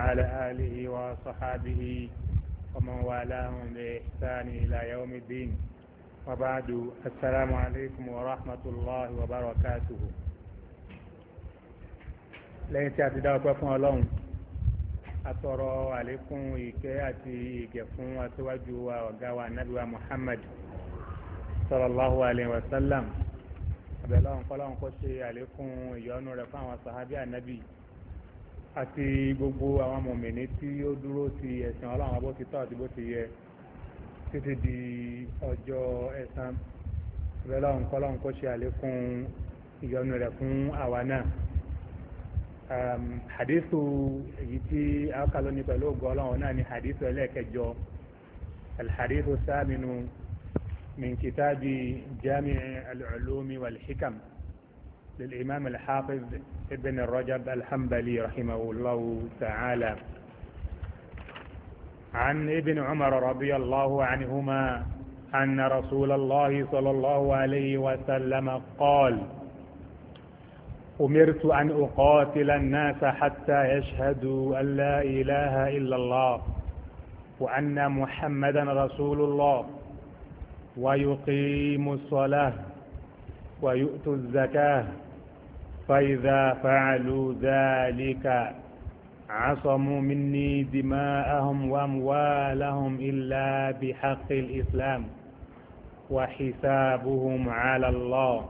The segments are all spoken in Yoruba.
وعلى آله وصحابه ومن والاهم بإحسان إلى يوم الدين وبعد السلام عليكم ورحمة الله وبركاته lẹ́yìn tí a ti dá ọpẹ́ fún ọlọ́run atọrọ àlékún ìkẹ́ àti ìgẹ̀ fún aṣíwájú wa ọ̀gá wa ànábì wa muhammad sallallahu alayhi wa sallam abẹ́lẹ́ ọ̀nkọ́lọ́hún kó ṣe àlékún ìyọ́nú rẹ̀ fún àwọn sàhábí ànábì àti gbogbo àwọn mọ̀mìnì tí ó dúró ti ẹ̀sìn ọlọ́run bó ti tọ́ àti bó ti yẹ títí di ọjọ́ ẹ̀san ìrẹ́lọ́ nkọ́lọ́ nkọ́ ṣe àlékún ìyọnu rẹ̀ fún àwa náà hadithu èyí tí a kà lónìí pẹ̀lú ògo ọlọ́run náà ni hadithu ẹlẹ́ẹ̀kẹjọ alhadithu sáàmìnú min kitabi jami'i al-ulumi wal-hikam. al ulumi للإمام الحافظ ابن الرجب الحنبلي رحمه الله تعالى عن ابن عمر رضي الله عنهما أن رسول الله صلى الله عليه وسلم قال أمرت أن أقاتل الناس حتى يشهدوا أن لا إله إلا الله وأن محمدا رسول الله ويقيم الصلاة ويؤتوا الزكاة فإذا فعلوا ذلك عصموا مني دماءهم وأموالهم إلا بحق الإسلام وحسابهم على الله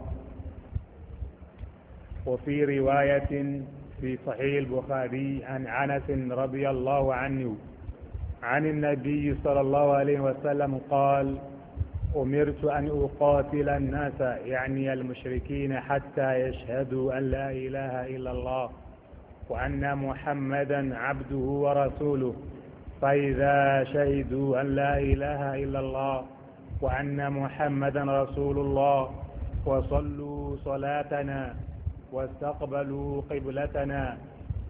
وفي رواية في صحيح البخاري عن أنس رضي الله عنه عن النبي صلى الله عليه وسلم قال أمرت أن أقاتل الناس يعني المشركين حتى يشهدوا أن لا إله إلا الله وأن محمدا عبده ورسوله فإذا شهدوا أن لا إله إلا الله وأن محمدا رسول الله وصلوا صلاتنا واستقبلوا قبلتنا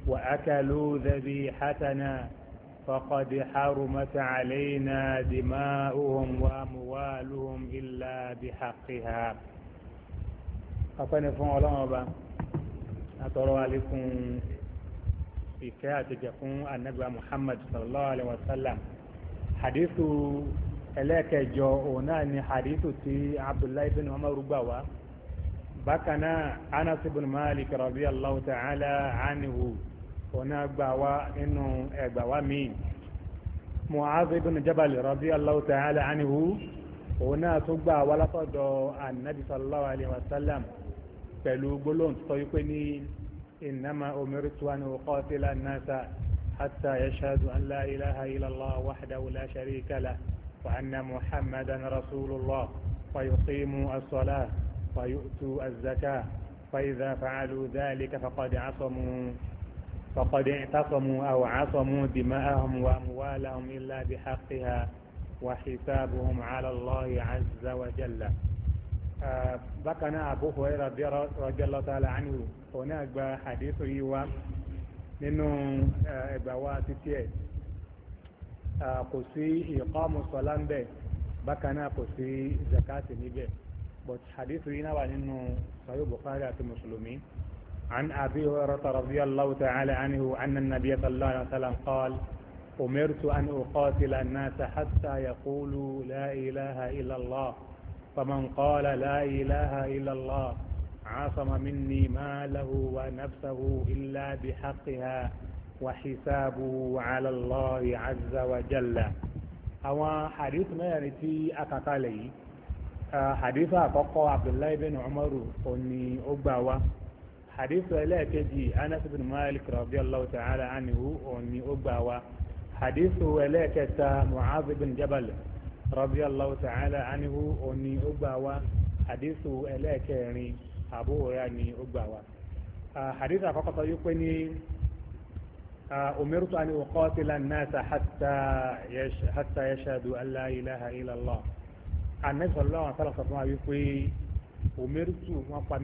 وأكلوا ذبيحتنا فقد حرمت علينا دماؤهم وأموالهم إلا بحقها أقني فون الله أبا أترى لكم إكاة جفون النبي محمد صلى الله عليه وسلم حديث ẹlẹ́ẹ̀kẹjọ òun náà ni hadithu ti abdullahi bin umar gbà wá bákan náà anas ibn malik radiyallahu ta'ala ọ̀nà gbà wá nínú ẹgbà wá míì mu'adh ibn jabal radiyallahu ta'ala anhu òun náà tó gbà wá látọ̀dọ̀ anabi sallallahu alayhi wa sallam pẹ̀lú gbólóhùn tó yí pé ní innama umirtu an uqatila an-nasa hatta yashhadu an la ilaha illallah wahdahu la sharika lah wa anna muhammadan rasulullah ويقيموا الصلاة ويؤتوا الزكاة فإذا فعلوا ذلك فقد عصموا فقد اعتصموا أو عصموا دماءهم وأموالهم إلا بحقها وحسابهم على الله عز وجل آه بقنا أبو هريرة رضي الله تعالى عنه هناك حديث يوا nínú ẹgbà wa títí ẹ̀ kò sí ìkọ́mù sọlá ń bẹ̀ bákan náà kò sí zakati níbẹ̀ but hadith عن أبي هريرة رضي الله تعالى عنه أن النبي صلى الله عليه وسلم قال أمرت أن أقاتل الناس حتى يقولوا لا إله إلا الله فمن قال لا إله إلا الله عاصم مني ماله ونفسه إلا بحقها وحسابه على الله عز وجل أو حديث ما tí يعني a آه، حديث lẹ́yìn عبد الله بن عمر Umaru أبا ó hadithu ẹlẹ́ẹ̀kejì anas bin malik radiyallahu ta'ala anhu òní ó gbà wá hadithu ẹlẹ́ẹ̀kẹta mu'az bin jabal radiyallahu ta'ala anhu òní ó gbà wá hadithu ẹlẹ́ẹ̀kẹrin abu hurairah ni ó gbà wá. hadithu àkọ́kọ́ sọ wípé ní umirtu an uqatila an-nasa hatta yashhadu an la ilaha illallah anabi sallallahu alaihi wasallam sọ fún wa wípé umirtu wọn pa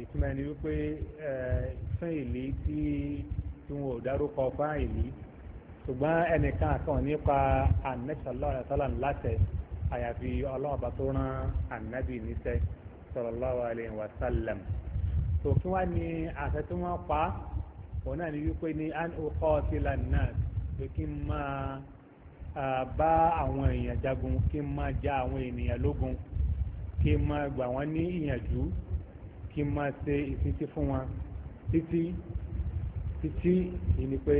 ìtumọ̀ ẹni wípé fáìlì tí wọn ò dárúkọ fáìlì ṣùgbọ́n ẹnìkan kan nípa ànẹ́sàlọ́ àyàtọ́lá ńláṣẹ àyàfi ọlọ́ọ̀bá tó rán ànábì níṣẹ́ sallallahu alaihi wa sallam tó kí wá ní àṣẹ tí wọ́n pa òun náà ní wípé ní an uqatila an-nas pé kí n máa bá àwọn èèyàn jagun kí n máa ja àwọn ènìyàn lógun kí n máa gbà wọ́n ní ìyànjú kí n máa ṣe ìfití fún wọn títí títí ìní pé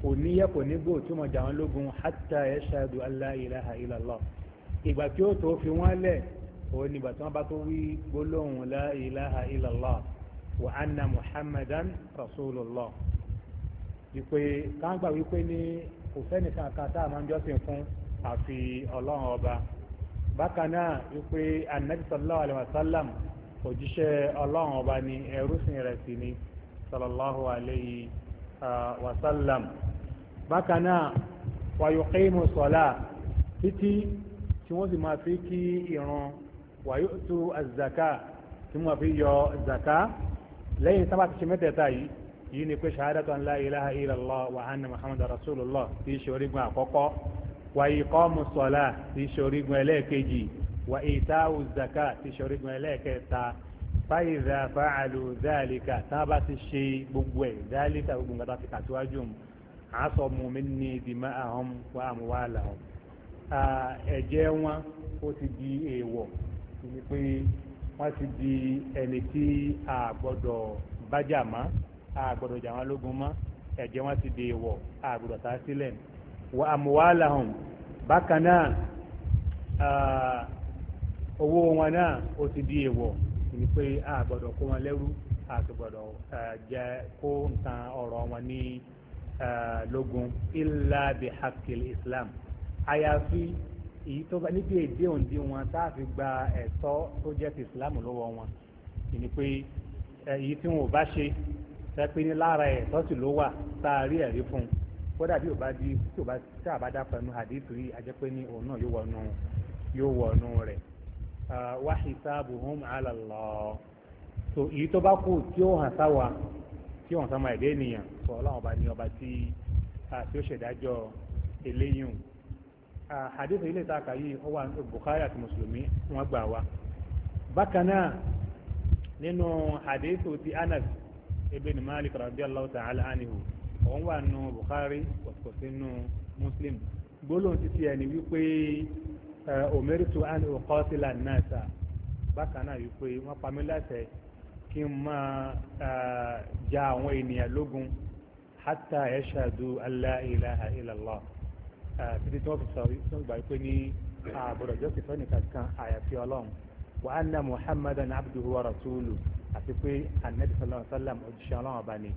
kò níyẹ kò níbò tí mo jà wọn lógun hatta yashadu alla ilaha illallah ìgbà tí ó tó fi wọ́n lẹ̀ òun nígbà tí wọ́n bá tó wí gbólóhùn la ilaha illallah wa anna muhammadan rasulullah ìpè káńgbà wípé ní kò sẹ́nìkan kan tá a máa ń jọ́sìn fún àfi ọlọ́run ọba bákan náà wípé anabi sallallahu alayhi wa sallam òjíṣẹ́ ọlọ́run ọba ni ẹrúsìn rẹ̀ sì ni sallallahu alayhi wa sallam bákan náà wa yuqimu sọlá títí tí wọ́n sì máa fi kí ìran wa yu'tu az-zaka tí wọ́n fi yọ zaka lẹ́yìn sábà ti ṣe mẹ́tẹ̀ẹ̀ta yìí yìí ni pé ṣahadatu an la ilaha illallah wa anna muhammadar rasulullah tí ṣe orígun àkọ́kọ́ wa iqamu sọlá tí ṣe orígun ẹlẹ́ẹ̀kejì wa ìtaù zaka ti ṣọ̀rígun ẹlẹ́ẹ̀kẹta fáìzà fáàlù záàlìkà tá a bá ti ṣe gbogbo ẹ̀ záàlìkà gbogbo nǹkan tá a ti kà síwájú mu àásọ̀mù mi ní ìdìmọ́ àhọ́m wa àmúwálà hàn ẹ̀jẹ̀ wọn ó ti di èèwọ̀ ni pé wọ́n ti di ẹni tí a gbọ́dọ̀ bájà mọ́ a gbọ́dọ̀ jà wọn lógun mọ́ ẹ̀jẹ̀ wọn ti di èèwọ̀ a gbọ́dọ̀ ta sílẹ̀ wa àmúwálà hàn bákan náà owó wọn náà ó ti di èèwọ̀ ni pé a gbọ́dọ̀ kó wọn lẹ́rú a sì gbọ́dọ̀ jẹ́ kó nǹkan ọ̀rọ̀ wọn ní lógun illa bi hakil islam àyàfi èyí tó bá níbi èdè òǹdí wọn tá a fi gba ẹ̀tọ́ tó jẹ́ ti islam lọ́wọ́ wọn ni pé èyí tí wọn ò bá ṣe sẹ́pẹ́ ní lára ẹ̀tọ́ sì ló wà tá a rí ẹ̀rí fún un kódà bí o bá di tí o bá tí a bá dá pẹ̀lú àdìsí yìí a jẹ́ ní òun náà yóò wọnú rẹ̀. وحسابهم على ala so èyí tó bá kù tí ó hàn sáwa tí ó hàn sáwa ẹ̀dẹ́ ènìyàn sọ ọlọ́run ọba ní ọba tí tí ó ṣèdájọ́ eléyìn hadith ilé ìtaka yìí ó wà ní Bukhari àti mùsùlùmí wọn gbà wá bákan náà nínú hadith ti Anas ibn Malik radiyallahu ta'ala anhu òun wà nù Bukhari kò nù Muslim gbólóhùn títí ẹni wípé omeritu eh, an uqatila nasa bákan náà yìí pé wọ́n pa mí láṣẹ kí n máa eh, ja àwọn ènìyàn lógun hatta yashadu alla ilaha illallah eh, títí tí wọ́n fi sọ wọ́n gbà pé ní àbúrò jọ́sìn fẹ́ni kankan àyàfi ọlọ́run wa anna muhammadan abduhu wa rasuluhu àti pé anabi sallallahu alayhi wa sallam òjíṣẹ́ ọlọ́run ọba ni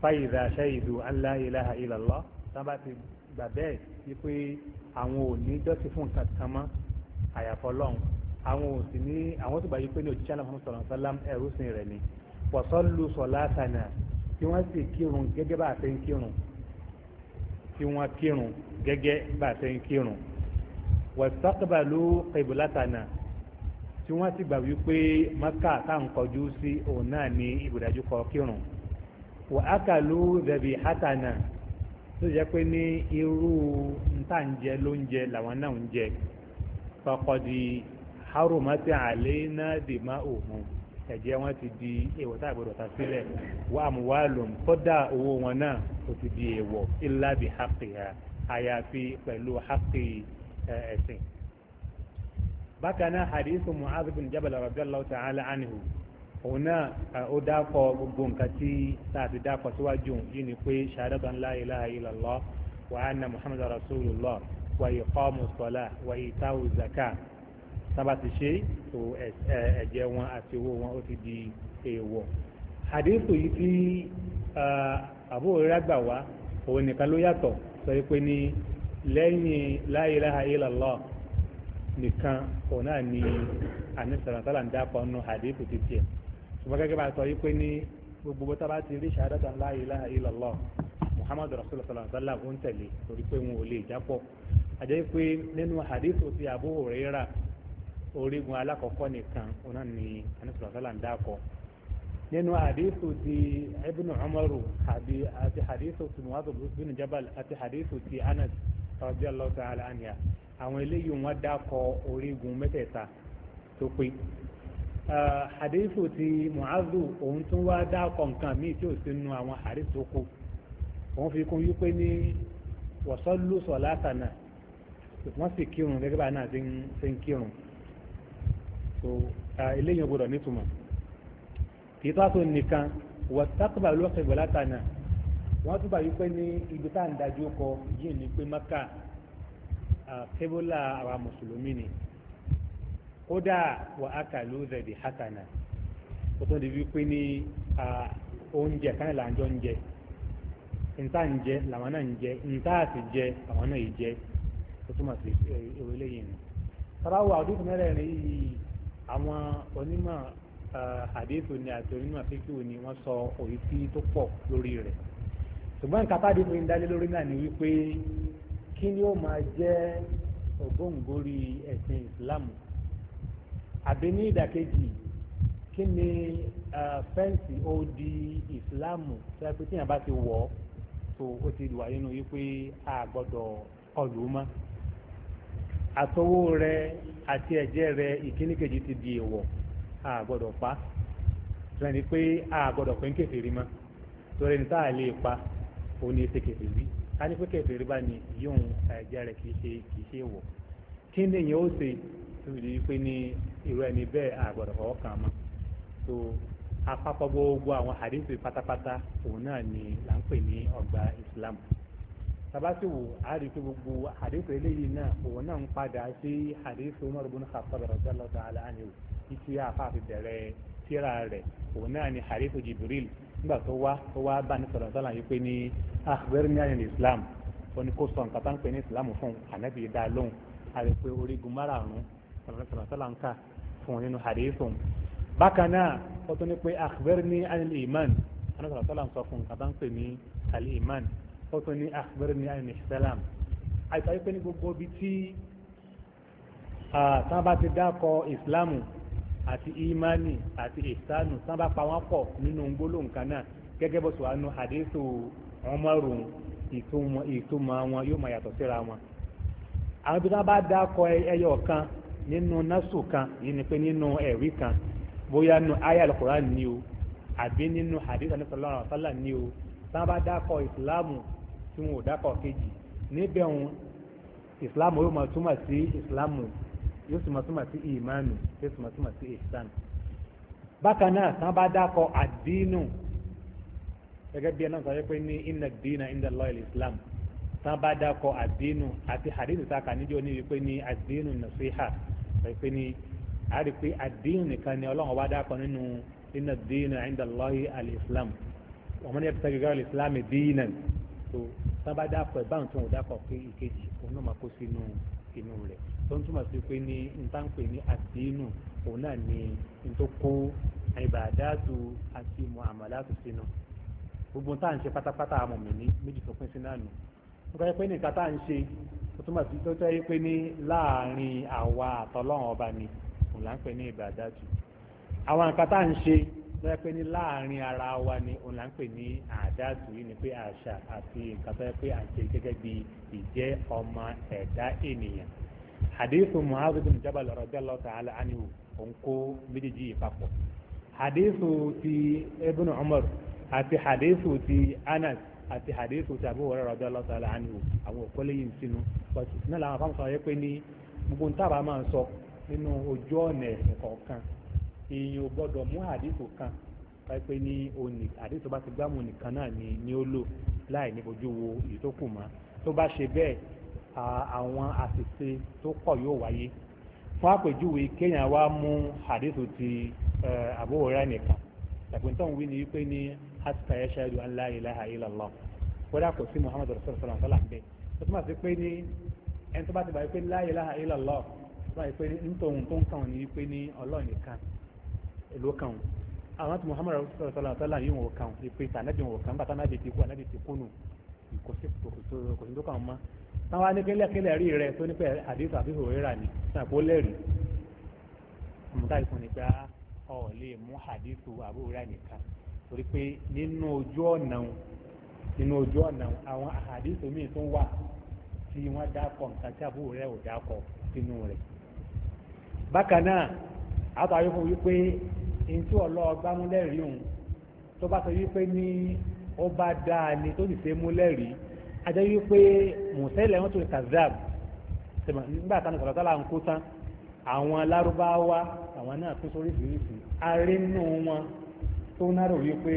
fàyìdà ṣẹ́yìdù an la ilaha ti gbà bẹ́ẹ̀ ni pé àwọn ò ní dọ́sí fún nǹkan kan mọ́ àyàfọ́ lọ́hùn àwọn ò sì ní àwọn tó gbà pé ní òjíṣẹ́ aláfọ́n sọ̀rọ̀ sálám ẹ̀rú sin rẹ̀ ni pọ̀sọ́lù sọ̀lá tànà kí wọ́n sì kírun gẹ́gẹ́ bá a ṣe ń kírun kí wọ́n kírun gẹ́gẹ́ bá a ṣe ń kírun wẹ̀sọ́kàbàlú kẹbùlátànà tí wọ́n ti gbà wípé maka táwọn kọjú sí òun náà ní ìbùdájú kọ kírun wọ́n ákàlù dẹ̀bì tó jẹ́ pé ní irú ntànjẹ lóúnjẹ làwọn náà ń jẹ faqadi harumati alayna dima'uhum ẹ̀jẹ̀ wọn ti di èèwọ̀ tá a gbọ́dọ̀ ta sílẹ̀ wà á mú wá lòun kódà owó wọn náà ó ti di èèwọ̀ illa bi haqqiha àyàfi pẹ̀lú haqqi ẹ̀sìn. bákan náà hadithu mu'adh bin jabal radiyallahu ta'ala anhu òun náà ó dákọ gbogbo nǹkan tí tààtì dákọ síwájú yìí ni pé ṣàdọ́gbà ńlá ilaha illallah wa anna muhammadu rasulullah wa iqamu salah wa ita'u zaka sábà ti ṣe tó ẹ̀jẹ̀ wọn àti owó wọn ó ti di èèwọ̀. àdéhùn yìí tí àbúrò rẹ̀ gbà wá òun nìkan ló yàtọ̀ sọ pé ní lẹ́yìn la ilaha nìkan òun náà ni àníṣàràtàlà ń dákọ̀ nù àdéhùn ti tiẹ̀ ṣùgbọ́n gẹ́gẹ́ bá a sọ yìí pé ní gbogbo bó tábà ti rí ṣahadatan la ilaha illallah muhammadu rasulullah sallallahu alaihi wa sallam ń tẹ̀lé torí pé wọn ò lè jápọ̀ àjẹ́ pé nínú hadith ti Abu Huraira orígun alákọ̀ọ́kọ́ nìkan ọ̀nà ni anisọ̀rọ̀ sálà ń dákọ̀ nínú hadith ti ibnu umaru àti hadith ti muhammadu bin jabal àti hadith ti anas radiyallahu ta'ala anha àwọn eléyìí wọn dákọ̀ orígun mẹ́tẹ̀ẹ̀ta tó pé hadithu ti muazu òun tún wá dá kọ̀ǹkan míì tí ò sí nu àwọn hadithu kù òun fi kún wípé ní wọ̀sọ́lù sọ̀látànà wọ́n sì kírun gẹ́gẹ́ bá náà ti ń kírun so eléyìí gbọdọ̀ nítumọ̀ kì í tó àtò nìkan wọ́sàkùbà ló ṣe gbọ̀látànà wọ́n tún bá wípé ní ibi tá ń dájú kọ yìí ni pé maka kébólà àwa mùsùlùmí ni. kódà wà á kà ló zẹ̀bi hasana ó tó di wípé ní oúnjẹ kan là ń jọ ń jẹ nta ń jẹ làwọn náà ń jẹ nta àti jẹ àwọn náà yìí jẹ ó túmọ̀ sí ewé lẹ́yìn nù. sábàwọ̀ àdúgbò mẹ́rẹ̀ẹ̀rin onima àwọn onímọ̀ àdéhùn ni àti onímọ̀ fíkìwò ni wọ́n sọ òyìnbí tó pọ̀ lórí rẹ̀ ṣùgbọ́n nǹkan tá a dìbò ìdálé lórí náà ni wípé kí ni ó máa jẹ́ ẹ̀sìn àbí ní ìdàkejì kí ni fẹ́ǹsì odi ìsìláàmù tẹ́lẹ̀ pé tíyàn bá ti wọ̀ ọ́ tó o ti wà nínú yìí pé a gbọ́dọ̀ kọlù mọ́ àtọwọ́ rẹ àti ẹ̀jẹ̀ rẹ ìkíní ti di èèwọ̀ a gbọ́dọ̀ pa tẹ́lẹ̀ ni pé a gbọ́dọ̀ pé ń kèfèrí mọ́ torí ní tá a lè pa òun ni ètè kèfèrí ká ní pé kèfèrí bá ní yóò ẹ̀jẹ̀ rẹ kì í ṣe kì í ṣe wọ̀ kí ni èèyàn ó ṣe tó fi di wípé ní irú ẹni bẹ́ẹ̀ àgbọ̀dọ̀ fọwọ́ kàn mọ́ so àpapọ̀ gbogbo àwọn hadith pátápátá òun náà ni là ń pè ní ọgbà islam tabasiwo àdìsí gbogbo hadith eléyìí náà òun náà ń padà sí hadith umar bin khattab radiyallahu ta'ala anhu títí àfààfin bẹ̀rẹ̀ tírà rẹ̀ òun náà ni hadith jibril nígbà tó wá tó wá bá ní sọ̀rọ̀ sọ́la yìí pé ní akhbarni ní islam ó ní kó sọ nǹkan tá ń pè ní islam fún ànábì dá lóhùn àti pé orígun márààrún sàlàsàlà ń kà fún wọn nínú hadithun bákan náà ó tún iman anabi sàlàsàlà ń sọ fún nǹkan bá ń iman otoni tún ní akhbirni anil islam àìsàn yìí pé ní gbogbo ibi tí tán bá ti dákọ ìsìlámù àti imani, àti ìsánù tán bá pa wọn pọ̀ nínú gbólóhùn kan náà gẹ́gẹ́ bó sọ wà nù hadithun Umaru ìtumọ̀ wọn yóò máa yàtọ̀ síra wọn àwọn ibi tí wọn bá dákọ ẹyọ kan nínú násù kan yìí ni pé nínú ẹ̀rí kan bóyá nínú aya al-Qur'an ni o àbí nínú hadith àti sallallahu alaihi wasallam ni o tá a bá dákọ̀ ìsìláàmù tí wọn ò dákọ̀ kejì níbẹ̀ wọn ìsìláàmù yóò máa túmọ̀ sí ìsìláàmù yóò sì máa túmọ̀ sí ìmánu yóò sì máa túmọ̀ sí ihsan bákan náà tá a bá dákọ̀ àdínù gẹ́gẹ́ bí ẹ̀nà sọ̀rọ̀ pé ní inna ad-dina inda Allahi tá a bá dákọ̀ àdínù àti hadith tá níjọ́ ní wípé ní àdínù nasiha pẹ̀pẹ́ ni a rí pé àdéhùn nìkan ni ọlọ́run wá dákọ̀ nínú iná dínà inda Allahi al-Islam wa man yabtaghi ghayra al-Islam dinan tó tán bá dákọ̀ ẹ̀ báwọn tó ń dákọ̀ pé ìkejì òun náà máa kó sínú inú rẹ̀ tó ń túmọ̀ sí pé ní ntánpẹ̀ ní àdéhùn òun náà ni ntòkó ìbàdàtù àti muamalatu sínú gbogbo táà ń ṣe pátápátá àmọ̀mí méjì tó pín sí náà ó túmọ̀ sí tó jẹ́ pé ní láàrin àwa ọba ni òun là ń pè ní ìbàdàtù àwọn nǹkan tá à ń ṣe tó ara wa ni òun là ń pè ní yìí ni pé àṣà àti nǹkan tó jẹ́ pé à ń ṣe gẹ́gẹ́ bí ìjẹ́ ọmọ ẹ̀dá ènìyàn hadithu mu'adh bin jabal radiyallahu ta'ala anhu òun kó méjèèjì yìí papọ̀ ti ebunu umar àti ti anas àti hadith ti Abu Hurairah radiyallahu ta'ala anhu àwọn òkọ́lé yìí sínú but náà làwọn afáàmù sọ̀rọ̀ yẹ pé ní gbogbo ń tábà máa ń sọ nínú ojú ọ̀nà ẹ̀sìn kọ̀ọ̀kan èèyàn ò gbọ́dọ̀ mú hadith kan wáyé pé ní òní hadith bá ti gbámù nìkan náà ni ni ó lò láì ní ojú wo èyí tó kù mọ́ tó bá ṣe bẹ́ẹ̀ àwọn àṣìṣe tó pọ̀ yóò wáyé fún àpèjúwe kéèyàn wá mú hadith ti Abu Hurairah nìkan ẹ̀pẹ̀ntàn wí ni wípé ní hatta yashhadu an la ilaha illallah wọ́dà kò sí muhammadu rasulullah sallam bẹ́ẹ̀ ó túmọ̀ sí pé ní ẹni tó bá ti bá yìí pé la ilaha illallah tó bá yìí pé ní ntòun tó ń kàn ní pé ní ọlọ́ọ̀ nìkan èló kàn àwọn tí muhammadu rasulullah sallam yìí wọ̀ kàn ìpè tànàbí wọ̀ kàn bàtà nàbí ti kú ànàbí ti kú nù kò sí kò sí tó kàn mọ́ táwọn anìkẹ́lẹ́kẹ́lẹ́ rí rẹ tó ní pé àdéhùn àbíhùn rírà ni sàpó lẹ́rìí àmúta ìfún ni pé ah, ọ̀ lè mú àdéhùn àbúrò rẹ̀ nìkan torí pé nínú ojú ọ̀nà nínú ojú ọ̀nà àwọn àhàdìsí tó wà tí wọ́n dákọ̀ nǹkan tí àbúrò rẹ̀ ò dákọ̀ sínú rẹ̀ bákan náà àtàwọn fún wípé ní tí ọlọ́ọ̀gbá mú òun tó bá sọ wípé ní ó bá dáa ni tó sì ṣe ajẹ́ wípé wọn tó kazab nígbà táwọn sọ̀rọ̀ ń kó tán àwọn àwọn náà arínú wọn tó ń rò wípé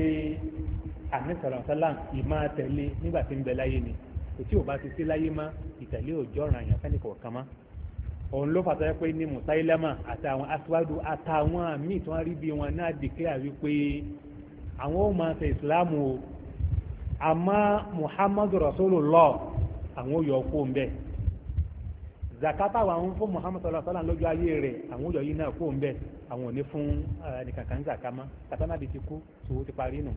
ànísọ̀rọ̀sálàm ìmá tẹ̀lé nígbà tí ń bẹ láyé ni eti ò bá ti sí láyé má ìtẹ̀lé òjò ọ̀ràn àyàn fẹ́ni kọ̀ọ̀kan má òun ló fàtọ́ yẹ pé ní àtàwọn aṣáájú àtàwọn míì tí wọ́n rí bí wọn náà àwọn ò máa ìsìláàmù o àmọ́ muhammadu àwọn ò yọ kó ń àwọn ò ní fún eh, ẹnìkankan ń zàká mọ́ tàbí má ti kú tòwó ti parí nù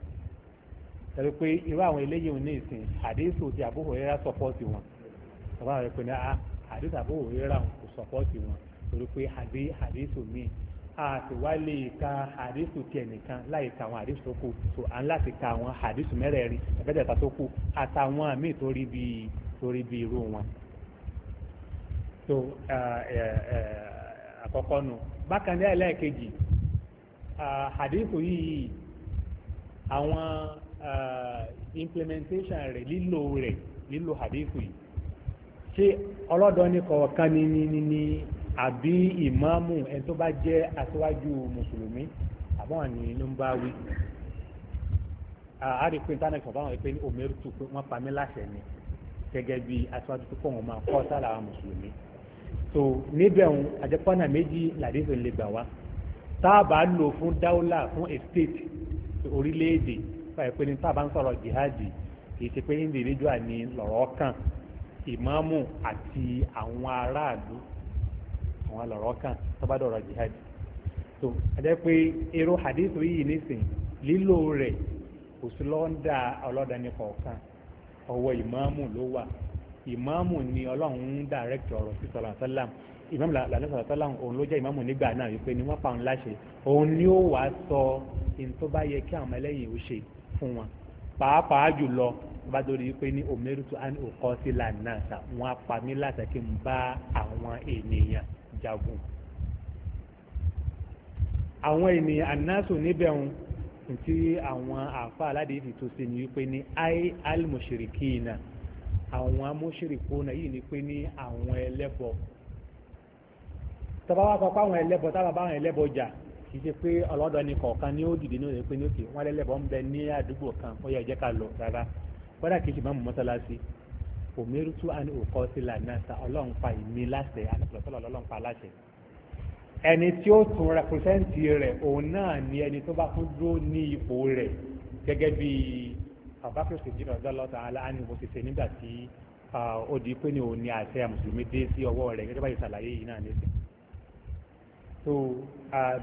tàbí pé irú àwọn eléyìí ò ní ìsìn àdéhùn ti àbúrò rírà sọpọ́ọ̀tì wọn tàbí àwọn ẹ̀pẹ́ ní àdéhùn àbúrò rírà kò sọpọ́ọ̀tì wọn torí pé àdéhùn míì a ti wá lè ka àdéhùn tiẹ̀ nìkan láì ka àwọn àdéhùn tó kù tó à ń láti ka àwọn àdéhùn mẹ́rẹ̀ẹ̀rin ẹ̀fẹ́dẹ̀ta tó kù àtàwọn míì torí bíi bíi irú wọn. so eh, eh, àkọ́kọ́ nù bákan ní ẹlẹ́ẹ̀kejì àdínkù yìí àwọn implementation rẹ̀ lílò rẹ̀ lílò àdínkù yìí ṣé ọlọ́dọ̀ ni kọ̀ọ̀kan ni, ní ní àbí ìmáàmù ẹni tó bá jẹ́ aṣáájú mùsùlùmí àbọ̀n ní ló ń bá wí àárí pé internet ọ̀bá wọn pé ní omeru tù pé wọ́n pa mí láṣẹ ni gẹ́gẹ́ bí aṣáájú tó kọ̀ wọn máa kọ́ sára mùsùlùmí so níbẹ̀ ń àjẹpọ́nà méjì làdísùn lè gbà wá táàbà lò fún dáúlà fún estate orílẹ̀-èdè fàyè pé ní táàbà ń sọ̀rọ̀ jihadi kì í ṣe pé individual ni lọ́rọ̀ kàn ìmáàmù àti àwọn aráàlú àwọn lọ́rọ̀ kàn tó bá jihadi so àjẹ́ pé èrò hadith yìí nísìn lílò rẹ̀ kò sí lọ́ńdà ọlọ́dàní kọ̀ọ̀kan ọwọ́ ìmáàmù ló wà ìmáàmù ni ọlọ́run ń direct ọ̀rọ̀ sí sọ̀rọ̀ àtọ́làm ìmáàmù làlẹ́ sọ̀rọ̀ àtọ́làm òun ló jẹ́ ìmáàmù nígbà náà wípé ni wọ́n pa òun láṣẹ òun ni ó wàá sọ ohun tó bá yẹ kí àwọn ọmọlẹ́yìn ó ṣe fún wọn pàápàá jùlọ bá dórí wípé ní omerutu and okọsi lanasa wọn apá mi láti kí n bá àwọn ènìyàn jagun àwọn ènìyàn anaso níbẹ̀ ń tí àwọn àfa aládìí fi tó sí ni wípé ní ai almushirikina. Al àwọn amóṣèrèkóna yìí ni pé ní àwọn ẹlẹ́bọ tọba wá pàpá àwọn ẹlẹ́bọ tábà bá àwọn ẹlẹ́bọ jà kì í ṣe pé ọlọ́dọ̀ ni kọ̀ọ̀kan ní ó dìde ní òde pé ní òkè wọn lẹ́lẹ́bọ ń bẹ ní àdúgbò kan ó yẹ jẹ́ ká lọ rárá kódà kì í ṣe máa mú mọ́sálásí òmírútú àni òkọ́ sí lànà ta ọlọ́run pa ìmí láṣẹ àtìlọ́sọ́lọ́ ọlọ́run pa láṣẹ ni ẹni tó bá abubakar sèjì náà dọ́lọ́ tàn án ní mo ti ṣe nígbà tí ó di pé ní òun ni àṣẹ mùsùlùmí dé sí ọwọ́ rẹ̀ gẹ́gẹ́ báyìí ṣàlàyé yìí náà nísìn so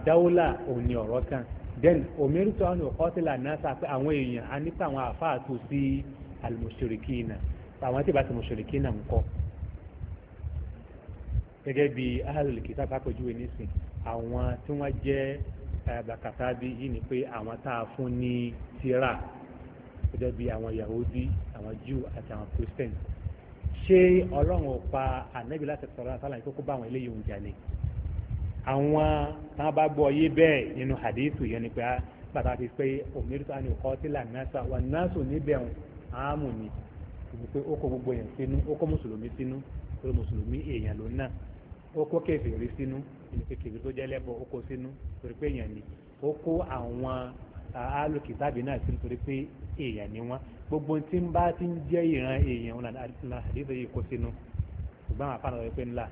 dáwọ́là òun ni ọ̀rọ̀ kan then òmírùtọ́ àwọn òkọ́tìlà náà sà pé àwọn èèyàn a nípa àwọn àfáà tó sí àlùmọ̀ṣẹ̀rìkìnà àwọn tí ìbá ti mọ̀ṣẹ̀rìkìnà ń kọ́ gẹ́gẹ́ bí ahàlùkì tá a nísìn àwọn tí wọ́n jẹ́ bàkàtà bíi yìí ni pé àwọn tá a fún ní tíra gẹ́gẹ́ bí àwọn Yahudi àwọn Jew àti àwọn Christian ṣé ọlọ́run pa ànábì láti sọ̀rọ̀ àtàlà yìí kókó bá àwọn eléyìí oúnjẹ ni àwọn tá a bá gbọ́ yé bẹ́ẹ̀ nínú hadithu yẹn ni pé bàtà ti pé òmìnirítà ni òkọ́ tí là nàásà wà nàásù níbẹ̀ àmù ni ìlú pé ó kó gbogbo èèyàn sínú ó kó mùsùlùmí sínú ó kó mùsùlùmí èèyàn ló náà ó kó kèfèrí sínú ìlú pé kèfèrí tó jẹ́ lẹ́bọ̀ ó kó sínú torí pé èèyàn ni ó kó àwọn alùkìtàbí náà sí nítorí pé èèyàn ni wọ́n gbogbo tí ń bá ti ń jẹ́ ìran èèyàn wọn náà àdéhùn yìí kó sínú ṣùgbọ́n àwọn afáàná wípé ńlá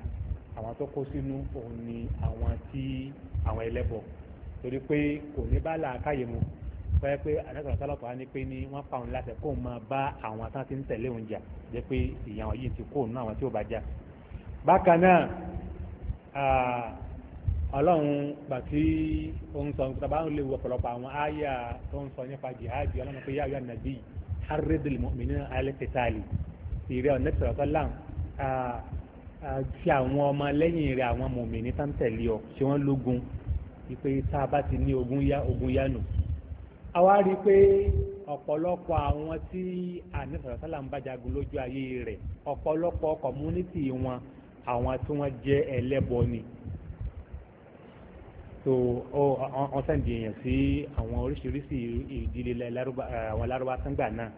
àwọn tó kó sínú òun ni àwọn tí àwọn ẹlẹ́bọ torí pé kò ní bá làákàyè mu fẹ́ pé àdáṣà sálọ̀pọ̀ á ní pé ní wọ́n pa òun láṣẹ kóun máa bá àwọn tán ti ń tẹ̀lé òun jà jẹ́ pé ìyàwó yìí ti kóun náà àwọn tí ó bá jà bákan náà ọlọ́run gbàtí ó ń sọ nípa bá ń lè wọ ọ̀pọ̀lọpọ̀ àwọn àyà tó ń sọ nípa jihadi ọlọ́run pé yáyọ nàbí harridil mu'minina ala qitali ìrẹ́ ọ̀nẹ́sọ̀rọ̀ sọ́lá ti àwọn ọmọ lẹ́yìn rẹ̀ àwọn mùmìnì tán tẹ̀lé ọ ṣé wọ́n lógun ìpè tá a bá ti ní ogun yá ogun yá nù. a wá rí i pé ọ̀pọ̀lọpọ̀ àwọn tí ànẹ́sọ̀rọ̀ ni so wọ́n sẹ́ǹdì èèyàn sí àwọn oríṣiríṣi ìdílé àwọn lárúbá sẹ́ngbà náà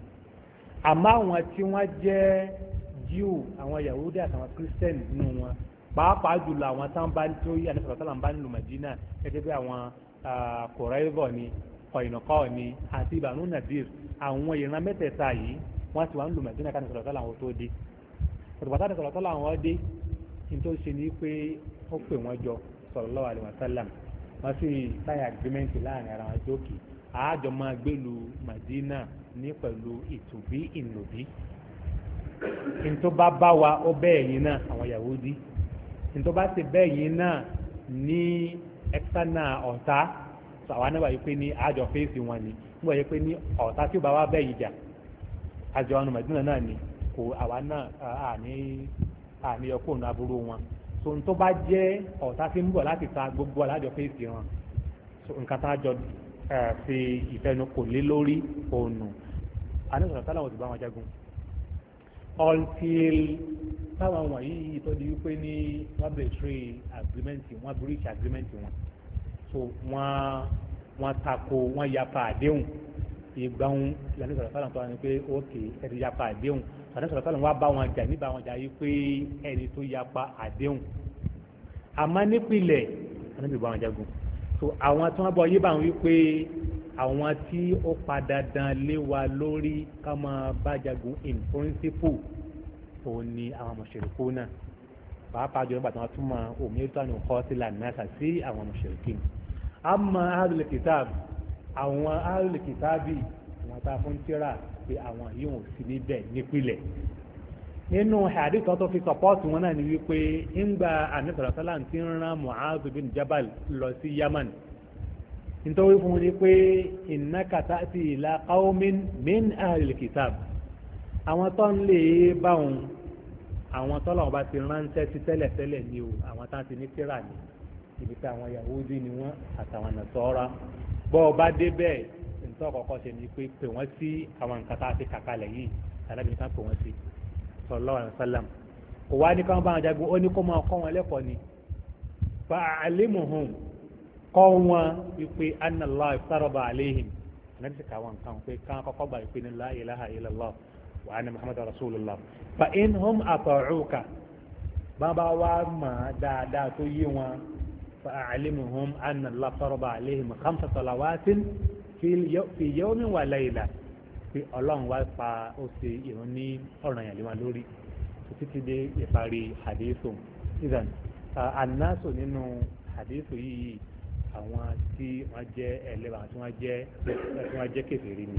àmọ́ àwọn tí wọ́n jẹ́ Júù àwọn Yahudi àtàwọn Christian nínú wọn pàápàá jùlọ àwọn tán bá tó yí ànífọ̀tà tán bá nílùú Madina gẹ́gẹ́ bí àwọn kòrẹ́vọ̀ ni kọ̀ìnàkọ́ ni àti ìbànú Nadir àwọn ìran mẹ́tẹ̀ẹ̀ta yìí wọ́n ti wà nílùú Madina kánífọ̀tà tán làwọn tó dé pọ̀tùpàtà nífọ̀tà tán làwọn dé ní tó ṣe ni pé ó pè wọ́n jọ sallallahu alaihi wasallam wọ́n sì táyà agreement láàrin ara wọn jókè àájọ máa gbèlú Madina ní pẹ̀lú ìtòbí ìnòbí ntọ́ba bá wa ó bẹ́ẹ̀ yín náà àwọn Yahudi ntọ́ba sì bẹ́ẹ̀ yín náà ní external ọ̀tá àwa náà wáyé pé ní àjọ fèsì wọn ni wọ́n wáyé pé ní ọ̀tá tí ó bá wá bẹ́ẹ̀ yìí jà àjọ ọ̀nà Madina náà ni kò àwa náà àní àníyọkùnrin aburú wọn so n tó bá jẹ́ ọ̀tá tí ń bọ̀ láti ta gbogbo alájọ fèsì hàn nǹkan tá a jọ fi ìfẹnu kò lé lórí òònù anísọ̀rọ̀ sálà òsì bá wọn jagun until táwọn wọ̀nyí tó di wípé ní wọ́n bẹ̀rẹ̀ tré agreement wọ́n breach agreement wọn so wọ́n wọ́n tako wọ́n yapa àdéhùn ìgbà wọn ìyànnì sọ̀rọ̀ sálà tó wà ní pé ókè ẹ̀ ti yapa àdéhùn àdásọ̀rọ̀ sọ́lọ́ wa bá wọn jà níbà wọn jà yìí pé ẹni tó yapa àdéhùn àmọ́ nípìnlẹ̀ ànábì bá wọn jagun so àwọn tí wọ́n bọ yé bá wọn wípé àwọn tí ó padà dán lé wa lórí ká máa bá jagun in principle òun ni àwọn mọ̀ṣẹ̀rẹ̀kú náà pàápàá jọ nígbà tí wọ́n túmọ̀ òmìnirítàánù kọ́sílà náà sí àwọn mọ̀ṣẹ̀rẹ̀kú àmọ́ ahlul kitab àwọn ahlul kitabi wọn pé àwọn yìí ò sí níbẹ̀ nípìnlẹ̀ nínú hadith kan tó fi sọpọ́ọ̀tì wọn náà ni wípé ńgbà àníbàràsálà ti ń rán mu'adh bin jabal lọ sí yaman nítorí fún ni pé innaka ta'ti ila qawmin min ahlil kitab àwọn tó ń lè bá òun àwọn tọ́lọ̀ ọba ti ránṣẹ́ sí tẹ́lẹ̀tẹ́lẹ̀ ni o àwọn tá a ti ní tíra ni ibi tí àwọn Yahudi ni wọ́n àtàwọn nàṣọ́ra bọ́ ọba débẹ̀ tó ọ̀kọ̀ọ̀kọ̀ ṣe ni pé pè wọ́n sí àwọn nǹkan tá a ti kàkalẹ̀ yìí alábìnrin kan pè wọ́n sí sallallahu alaihi wasallam kò wá ní káwọn bá wọn jagun ó ní kó máa kọ́ wọn lẹ́kọ̀ọ́ ni fa alimuhum kọ́ wọn wípé anàlá ìfaraba aleihim anábì sì káwọn nǹkan pé káwọn kọ́kọ́ gbà wípé la ilaha illallah wa anna muhammadu rasulullah fa inhum ata'uka bàbá wa mọ̀ dáadáa tó yé wọn fa alimuhum anàlá ìfaraba aleihim khamsa salawatin fi yawmin wa layla pé ọlọ́run wá pa ó ṣe ìrun ní ọ̀ràn yàn lé wọn lórí títí dé ìparí hadisu ìdàn ànáṣò nínú hadisu yìí àwọn tí wọ́n jẹ́ ẹlẹ́wà tí wọ́n jẹ́ tí wọ́n jẹ́ kèfèrí ni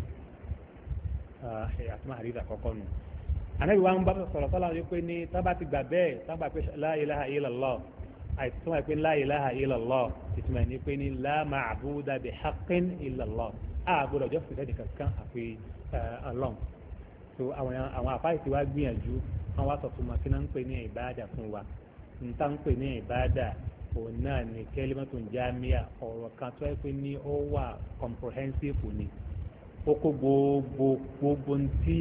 àtúmọ̀ àdìsí àkọ́kọ́ nù. ànábì ń bá sọ̀rọ̀ sọ́la wípé ní tábà ti gbà bẹ́ẹ̀ tábà pé la ilaha illallah àti tó máa pé la ilaha illallah ìtumọ̀ ní pé ní la ma'buda bi haqqin illallah àgbọ̀dọ̀ jọ́ fìdá nìkan kan àfi ọlọ́run so àwọn àfáà ti wá gbìyànjú wọn wá sọ fún wa kí náà ń pè ní ìbáàdà fún wa nta ń pè ní ìbáàdà òun náà ní kẹ́límọ́tò jámíà ọ̀rọ̀ kan tó yẹ pé ní ó wà comprehensive ni ó kó gbogbo gbogbo tí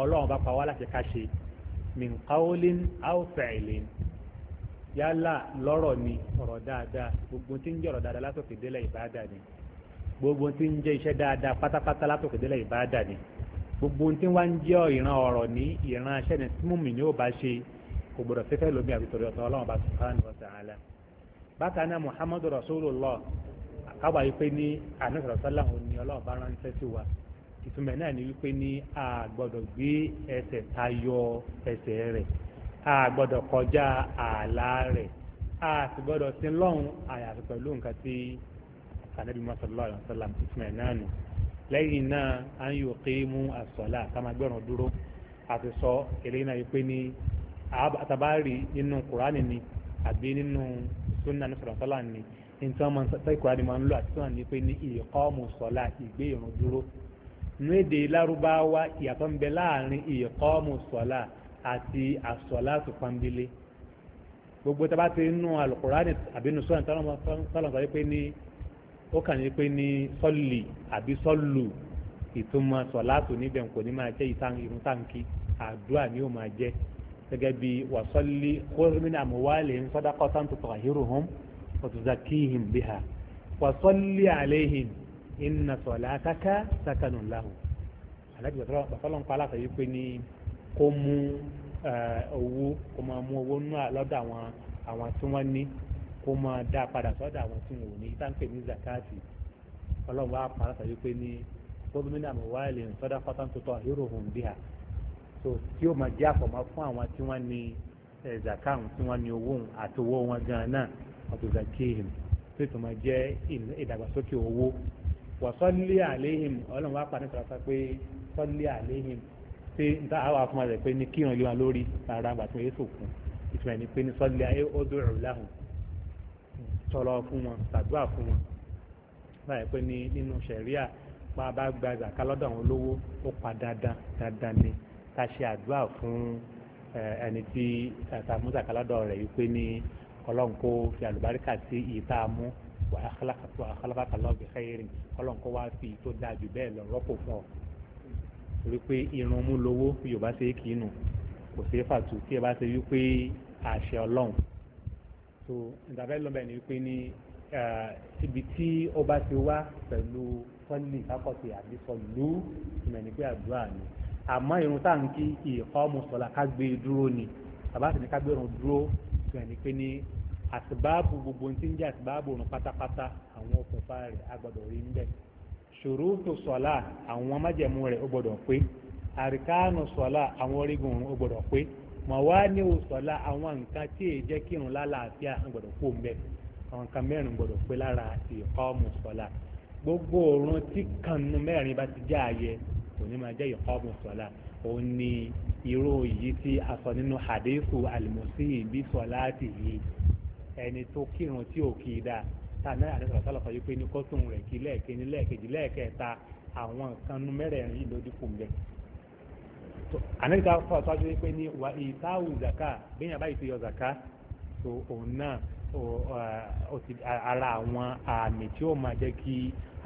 ọlọ́run bá pa wá láti ká ṣe min qawlin aw fi'lin yálà lọ́rọ̀ ni ọ̀rọ̀ dáadáa gbogbo tí ń jẹ́ ọ̀rọ̀ dáadáa látòkè délẹ̀ ìbáadà ni gbogbo tí ń jẹ́ iṣẹ́ dáadáa pátápátá látòkè délẹ̀ ìbáadà ni gbogbo tí wá ń jẹ́ ìran ọ̀rọ̀ ní ìran aṣẹ́ ni tí mùmí ni ó bá ṣe kò gbọdọ̀ fẹ́fẹ́ lómi àbítorí ọ̀tọ̀ ọlọ́run bá subhanahu wa ta'ala bákan náà muhammadu rasulullah káwa yìí pé ní ànásọ̀rọ̀sọ́lá ni ọlọ́run a gbọ́dọ̀ kọjá ààlà rẹ̀ a sì gbọ́dọ̀ sin lọ́hùn àyàfi pẹ̀lú nǹkan tí anabi sallallahu alaihi wasallam ti fún ẹ̀ náà nù lẹ́yìn náà an yuqimu as-salah kama gbẹ̀rún dúró àti sọ eléyìí náà yìí pé ní àtàbárì nínú kùránì ni àbí nínú sunna ní sallallahu ni nǹkan máa ń sọ ìkùránì máa ń lò àti sunna ni pé ní iqamu salah ìgbé ìrun dúró nínú èdè ìyàtọ̀ ń bẹ láàrin iqamu salah àti àsọ̀láàtù pàǹdílé gbogbo tá a bá ti nú alukurani àbí nù sọ́ọ̀nù sọ́ọ̀nù sọ́ọ̀nù pé ní ó kàn ní pé ní sọ́ọ̀lì àbí sọ́ọ̀lù ìtumọ̀ sọ̀láàtù níbẹ̀ kò ní máa jẹ́ irun táǹkì àdúrà ni ó máa jẹ́ gẹ́gẹ́ bí wàsọ́lì kórìmínà àmúwálẹ̀ ń sọ́dá kọ́tà ń tutù àhírò hàn ọ̀tùzákìhìn bíhà wàsọ́lì àlẹ́hìn ìnà sọ̀lá káká sákànù láhùn àlẹ́ kó mú owó kó máa mú owó náà lọ́dọ̀ àwọn àwọn tí wọ́n ní kó máa dá padà sọ́dọ̀ àwọn tí wọ́n ní pè ní zakati ọlọ́run wá pa látàrí pé ní gómìnà àmúwáìlì sọ́dọ̀ pátán so tí ó máa jẹ́ àfọ̀mọ́ fún àwọn tí wọ́n ní zaka àwọn tí wọ́n ní owó àti pé níta àwọn afọmọ rẹ̀ pé ní kírun ilé wọn lórí rárá àgbà tí wọ́n yé sòkun ìtumọ̀ ẹni pé ní sọ́lẹ̀ ayé ọdún rẹ̀ láhùn tọrọ fún wọn tàdúrà fún wọn báyìí pé ní nínú sẹ̀ríà pa bá gba zàká lọ́dọ̀ àwọn olówó ó pa dandan dandan ni ta ṣe àdúrà fún ẹni tí àtàmú zàká lọ́dọ̀ rẹ̀ yìí pé ní ọlọ́run kó fi àlùbáríkà sí ìyí tá a mú wàhálà kàlọ́ọ̀bì xẹ́yìrì tó dáa jù bẹ́ẹ̀ torí pé irun mú lówó yorùbá ṣe é kì í nù kò ṣeé fàtú tí ẹ bá ṣe wípé àṣẹ ọlọ́run so ìdàbẹ́ lọ́bẹ̀ ni wípé ní ibi tí ó bá ti wá pẹ̀lú sọ́ọ̀lì kákọ̀tì àbí sọ́ọ̀lù ìmọ̀ ní pé àdúrà ni àmọ́ irun tá à ń kí ìkọ́ ọmọ sọ̀la ká gbé e dúró ni bàbá sì ní ká gbé irun dúró ìmọ̀ ní pé ní àtibáàbù gbogbo tí ń jẹ́ àtibáàbù òrùn pátápátá àwọn okùnfà rẹ̀ agbọ́dọ̀ rí níbẹ̀ ṣùrùtù sọ̀lá àwọn májẹ̀mú rẹ̀ ó gbọ́dọ̀ pé àríkánu sọ̀lá àwọn orígun òun ó gbọ́dọ̀ pé mọ̀wání sọ̀lá àwọn nǹkan tí èyí jẹ́ kírun lálàáfíà ń gbọ́dọ̀ kó mbẹ́ àwọn nǹkan gbogbo ọrụn tí kanu mẹ́rin bá ti jẹ́ ààyè òní máa jẹ́ òun ni irú nínú ti yí ẹni tàbí àdéhùn sọlọ sọ wípé ní kọtùn rẹ kí lẹ́ẹ̀kejì lẹ́ẹ̀kejì lẹ́ẹ̀kẹta àwọn nǹkan nu mẹ́rẹ̀ẹ̀rin yìí ló dínkù mbẹ. ànágbèsà sọ sọ wí pé ní wà ìtawù zaka bẹ́ẹ̀ yàrá ìfi yọ zaka tó òun náà ara àwọn àmì tí ó máa jẹ́ kí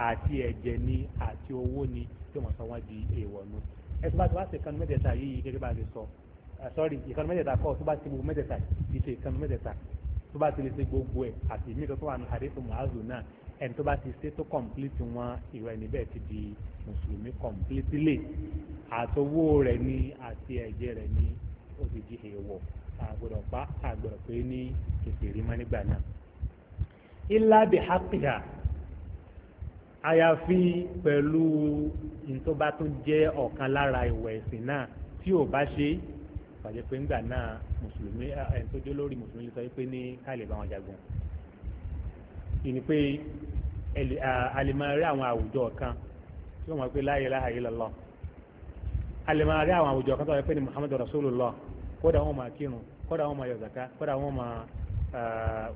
àti ẹ̀jẹ̀ ni àti owó ni tí ó máa sọ wọ́n di èèwọ̀ nu. ẹ tó bá ti wá sí ìkànnì mẹ́tẹ̀ẹ̀ta yìí gẹ́gẹ́ bá a lè sọ sorry ìkànnì mẹ́tẹ̀ẹ̀ta kọ́ tó bá ti gbogbo mẹ́tẹ̀ẹ̀ta yìí ìkànnì mẹ́tẹ̀ẹ̀ta tó bá ti lè ṣe gbogbo ẹ̀ àti ìmí kan tó wà ní àdéhùn mọ́àzù náà ẹni tó bá ti ṣe tó kọ̀m̀pìlìtì wọn ìrọ ẹni bẹ́ẹ̀ ti di mùsùlùmí kọ̀m̀pìlìtì lè àtọwọ́ rẹ̀ ni àti ẹ̀jẹ̀ rẹ̀ ni ó ti di èèwọ̀ àgbọ̀dọ̀ pa àgbọ̀dọ̀ pé ní kẹfìrí mọ́ nígbà náà. ilá bi haqiha àyàfi pẹ̀lú ìtọ́ba tó jẹ́ ọ̀kan lára ìwẹ̀ ẹ̀sìn náà tí ò bá ṣe é pàdé pé ńgbà náà mùsùlùmí ẹni tó dé lórí mùsùlùmí lè sọ pé ní káàlè bá wọn jagun ìní pé alèmọ̀rí àwọn àwùjọ kan tí wọ́n mọ̀ pé la ilaha illallah alèmọ̀rí àwọn àwùjọ kan tó wọ́n pé ní muhammadu rasulullah kódà wọ́n máa kírun kódà wọ́n máa yọ zaka kódà wọ́n máa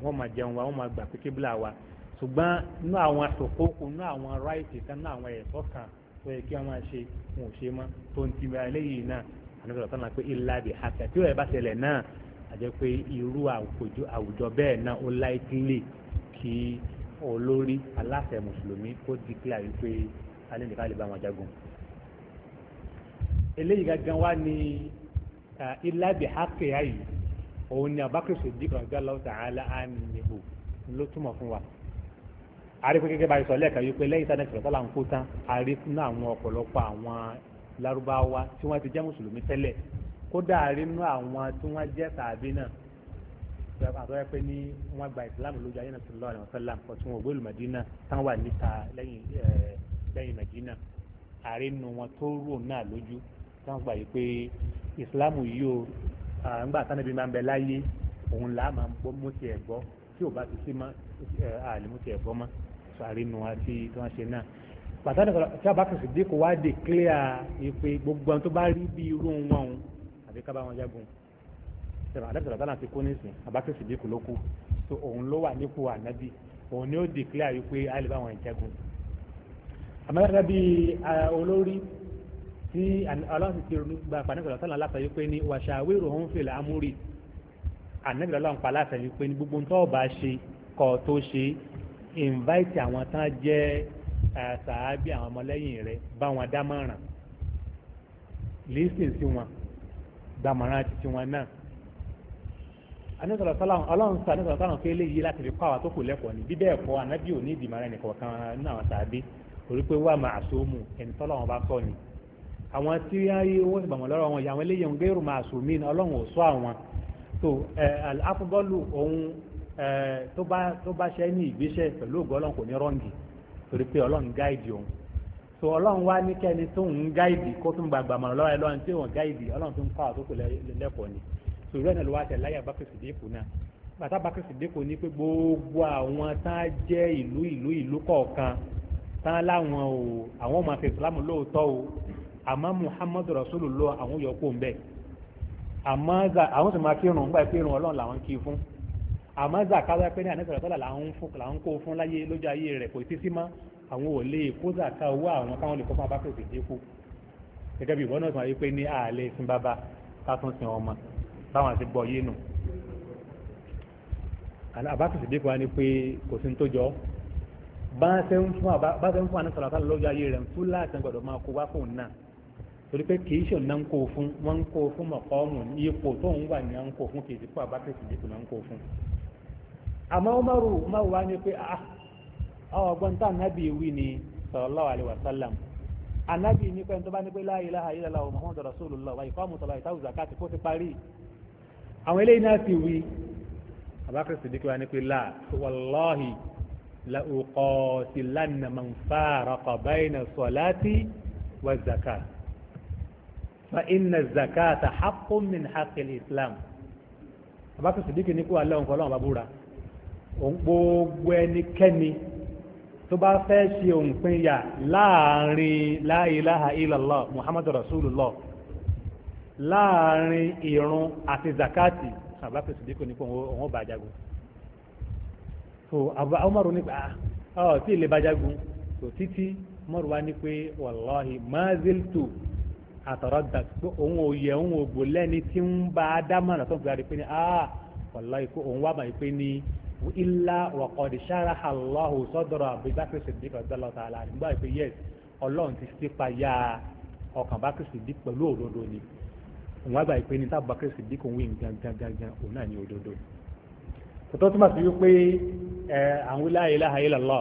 wọ́n máa jẹun wa wọ́n máa gbà pé kíbla wa ṣùgbọ́n nú àwọn àṣòkókò nú àwọn ráìtì kan nú àwọn ẹ̀tọ́ kan tó yẹ kí wọ́n máa ṣe wọn ò ṣe mọ́ tó ń ti bẹ̀rẹ̀ lẹ́yìn náà àníbẹ̀rẹ̀ sọ́nà pé ilá bi hasa tí wọ́n bá ṣẹlẹ̀ náà àjẹ́ pé irú àwùjọ bẹ́ẹ̀ náà ó láìpínlẹ̀ kí olórí aláṣẹ mùsùlùmí kó dìklà wípé alẹ́ nìkan lè bá wọn jagun. eléyìí gangan wá ní ilá bi hasa yìí òun ni abakar sadiq radiyallahu ta'ala anhu ló túmọ̀ fún wa àríkú gẹ́gẹ́ bá yẹ sọ lẹ́ẹ̀kan yìí pé lẹ́yìn sádẹ́sì rẹ̀ sọ́là ń kó tán àríkú náà àwọn ọ̀pọ̀lọpọ̀ àwọn larubawa, tí wọ́n ti jẹ́ mùsùlùmí tẹ́lẹ̀ kódà rínú àwọn tí wọ́n jẹ́ tàbí náà àtọ́jọ́ pé ní wọ́n gba ìsìlámù lójú ayé náà sallallahu alaihi wasallam kọ́ tí wọ́n gbé olùmọ̀dínà tán wà níta lẹ́yìn Mẹ̀dínà àrínú wọn tó rò náà lójú tí wọ́n gbà yí pé ìsìlámù yìí o àǹgbà tánàbí máa ń bẹ láyé òun là á máa gbọ́ mú tiẹ̀ gbọ́ tí ò bá ti sí mọ́ àlè mú tiẹ̀ gbọ́ mọ́ àrínú àti tí wọ́n ṣe náà pàtàkì tí abakar sidi kò wá dèkílíà ìpè gbogbo àwọn tó bá rí bí irú wọn òun àbí ká bá wọn jagun sọ̀rọ̀ àdàbí sọ̀rọ̀ àdàbí kó nísìn abakar sidi kò ló kú so òun ló wà nípò ànábì òun ni ó dèkílíà ìpè àlè bá wọn jagun àmọ́tàkà bí olórí tí ọlọ́run ti ronú gba pàtàkì sọ̀rọ̀ sọ̀rọ̀ aláṣà yìí pé ní wàṣà wérò òun fèlè amúrì ànábì ọlọ́run pa aláṣà yìí pé ní gbogbo tó invite àwọn sàábì àwọn ọmọlẹ́yìn rẹ bá wọn dámọ̀ràn lísìn sí wọn dámọ̀ràn àti tiwọn náà anisọ̀rọ̀ sọ́lá ọlọ́run sọ anisọ̀rọ̀ sọ́lá fẹ́ láti fi kọ́ àwọn tó kù ni bíbẹ́ ẹ̀kọ́ anábì ò ní ìdìmọ̀ràn àwọn pé máa wọn bá ni àwọn tí wọ́n sì bàmọ̀ lọ́rọ̀ wọn yìí àwọn eléyìí gbèrú máa sòmí ọlọ́run ò sọ àwọn tó bá ní ìgbésẹ̀ pẹ̀lú torí pé ọlọ́run gáìdì òun so ọlọ́run wá ní kẹ́ni tó ń gáìdì kó tún gbàgbà mọ̀ lọ́wọ́ ẹlọ́run tí òun gáìdì ọlọ́run tó ń kọ́ àtúkò lẹ́kọ̀ọ́ ni so ìrẹ́ náà ló wá tẹ̀ láyé abákẹ́sì dẹ́kù náà bàtà abákẹ́sì dẹ́kù ní pé gbogbo àwọn tá a jẹ́ ìlú ìlú ìlú kọ̀ọ̀kan tán láwọn o àwọn ọmọ àfẹ́ ìsìlámù lóòótọ́ o àmọ́ muhammadu rasulullah àwọn yòókù ń bẹ̀ àmọ́ àwọn sì máa kírun ń gbà pé irun ọlọ́run làwọn kì í fún àmọ́ zaka wáyé pé ní àníṣe ọ̀tọ́là làwọn kó fún láyé lójú ayé rẹ̀ kò sí sí mọ́ àwọn ò lè kó zaka owó àwọn káwọn lè kó fún abáfẹ́ òfin dínkù gẹ́gẹ́ bí ìwọ náà sọ wáyé pé ní ààlẹ́ sin bàbá kátó sin ọmọ báwọn àti gbọ́ yé nù abáfẹ́ òfin dínkù wá ní pé kò sí ní tó jọ bá ṣe ń fún àníṣe ọ̀tọ́là lójú ayé rẹ̀ tú láti gbọ́dọ̀ máa kó wá fóun náà torí pé kì í ṣe ọ̀nà ń kó fún wọ́n ń kó fún mọ̀kọ́ ọ̀mù ipò tóun wà ní à ń kó fún kì í ti kó abáfẹ́ òfin dínkù náà ń kó fún àmọ́ umaru umaru wá ní pé ah, àwọn ọgbọ́n tá ànábì wí ni sallallahu alaihi wasallam ànábì ní pé tó bá ní pé la ilaha illallah muhammadu rasulullah wa iqamu salati ìtawù zakati kó ti parí àwọn eléyìí náà sì wí abakar sidiki wa ní pé la wallahi la uqatilanna man faraqa bayna salati wa zakati fa inna zakata haqqun min haqqil islam abakar sidiki ní kó alẹ́ òǹkọ́ lọ́wọ́ bá búra òun gbogbo ẹnikẹ́ni tó bá fẹ́ ṣe òǹpinya láàrin la ilaha muhammadu rasulullah láàrin àti zakati àbáfẹ́ sìdíkò òun bá jagun so nípa ah, ọ tí ilé bá jagun so títí wá ní pé wàláhi maziltu àtọ̀rọ̀dà pé òun ò yẹ òun ò gbò lẹ́ni tí ń bá dámọ̀ràn tó ń ah kó òun ní. ilá wàkọ̀dì sára aláhù sọ́dọ̀rọ̀ àbíbákẹ́ sèdíkà ọ̀dọ́lọ́ tààlà nígbà pé yẹ ọlọ́run ti sí payá ọkàn bákẹ́ sèdíkà pẹ̀lú òdodo ni òun àgbà pé ní tábàkẹ́ sèdíkà òun gangan òun náà ní òdodo tòtọ́ túmọ̀ sí wípé àwọn ilá ilá ayélujá lọ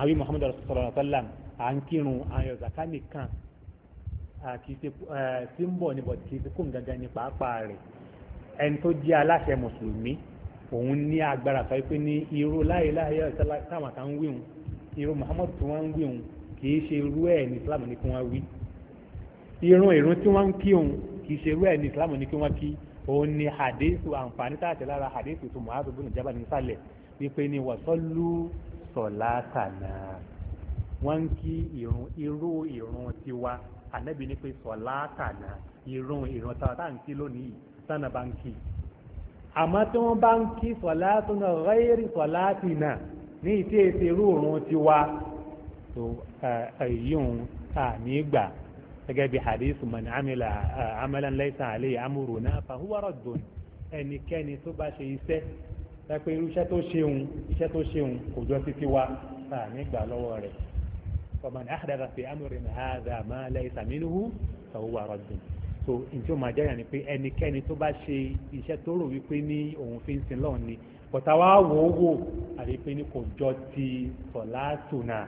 àwọn Muhammad sallallahu alaihi wasallam à ń kírun àyọ̀ zaka nìkan kì í tí ń bọ̀ níbọ̀ kì í ṣe gangan ní pàápàá rẹ̀ ẹni tó jẹ́ aláṣẹ mùsùlùmí òun ní agbára sọ pé ní irú láyéláyé táwọn kan ń wí òun irú muhammadu tí wọ́n ń wí òun kì í ṣe irú ẹ̀ ní islam ní kí wọ́n wí irun irun tí wọ́n ń kí òun kì í ṣe irú ẹ̀ ní islam ní kí wọ́n kí òun ni hadithu àǹfààní táàtì lára hadithu tó muhammadu bin jaba ní sálẹ̀ wípé ní wàsọ́lù sọ̀látànà wọ́n ń kí irun irú irun tiwa ànábì ní pé sọ̀látànà irun irun táwọn táà ń kí lónìí sànà bá ń kí àmọ́ tí wọ́n bá ń kí salatuna ghairi salatina ní ìtí ètè irú òrùn ti wá tó yíyún tá a ní gbà gẹ́gẹ́ bí hadith man amila amalan laysa alayhi amruna fahuwa raddun ẹnikẹ́ni tó bá ṣe iṣẹ́ pẹ́pẹ́ irú iṣẹ́ tó ṣeun iṣẹ́ tó ṣeun kò jọ títí wá tá gbà lọ́wọ́ rẹ̀ faman ahdatha fi amrina hadha ma laysa minhu fahuwa raddun so ǹjẹ́ o máa jẹ́ yàn ni pé ẹnikẹ́ni tó bá ṣe iṣẹ́ tó rò wípé ní òun fi ń sin lọ́run ni bọ̀tà wá wò ó wò àbí pé ní kò jọ ti sọ̀lá tònà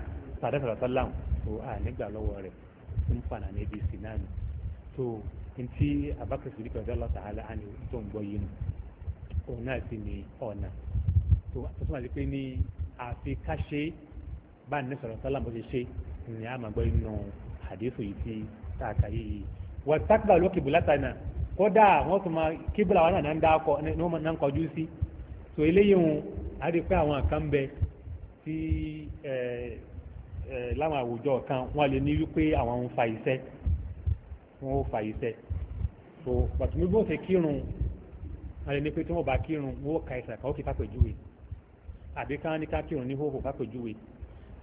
tàdé a so ànígbà lọ́wọ́ rẹ̀ ń fànà níbi ìsìn náà ni so ntí abakẹ́sì ní pẹ̀lú ọlọ́ta àlẹ́ àni tó ń gbọ́ yìí nù òun náà sì ní ọ̀nà tó tó máa di pé ní àfi ká bá a ní sọ̀rọ̀ sálà bó ṣe ṣe ni a máa gbọ́ inú àdéhùn yìí tí tá yìí wàtàkìbà ló kìbùlá tànà kódà wọ́n tún máa kíbùlà wọn náà ń dákọ̀ náà ń kọjú sí so eléyìí wọn á rí i pé àwọn kan bẹ tí ẹ ẹ láwọn àwùjọ kan wọn lè ní wípé àwọn ń fa iṣẹ́ wọn ò fa iṣẹ́ so bàtúmí bó ṣe kírun wọn lè ní pé tí wọn bá kírun wọn ò ka ẹsẹ̀ kan ó kì í fàpèjúwe àbí ká ní ká kírun ní hóhó fàpèjúwe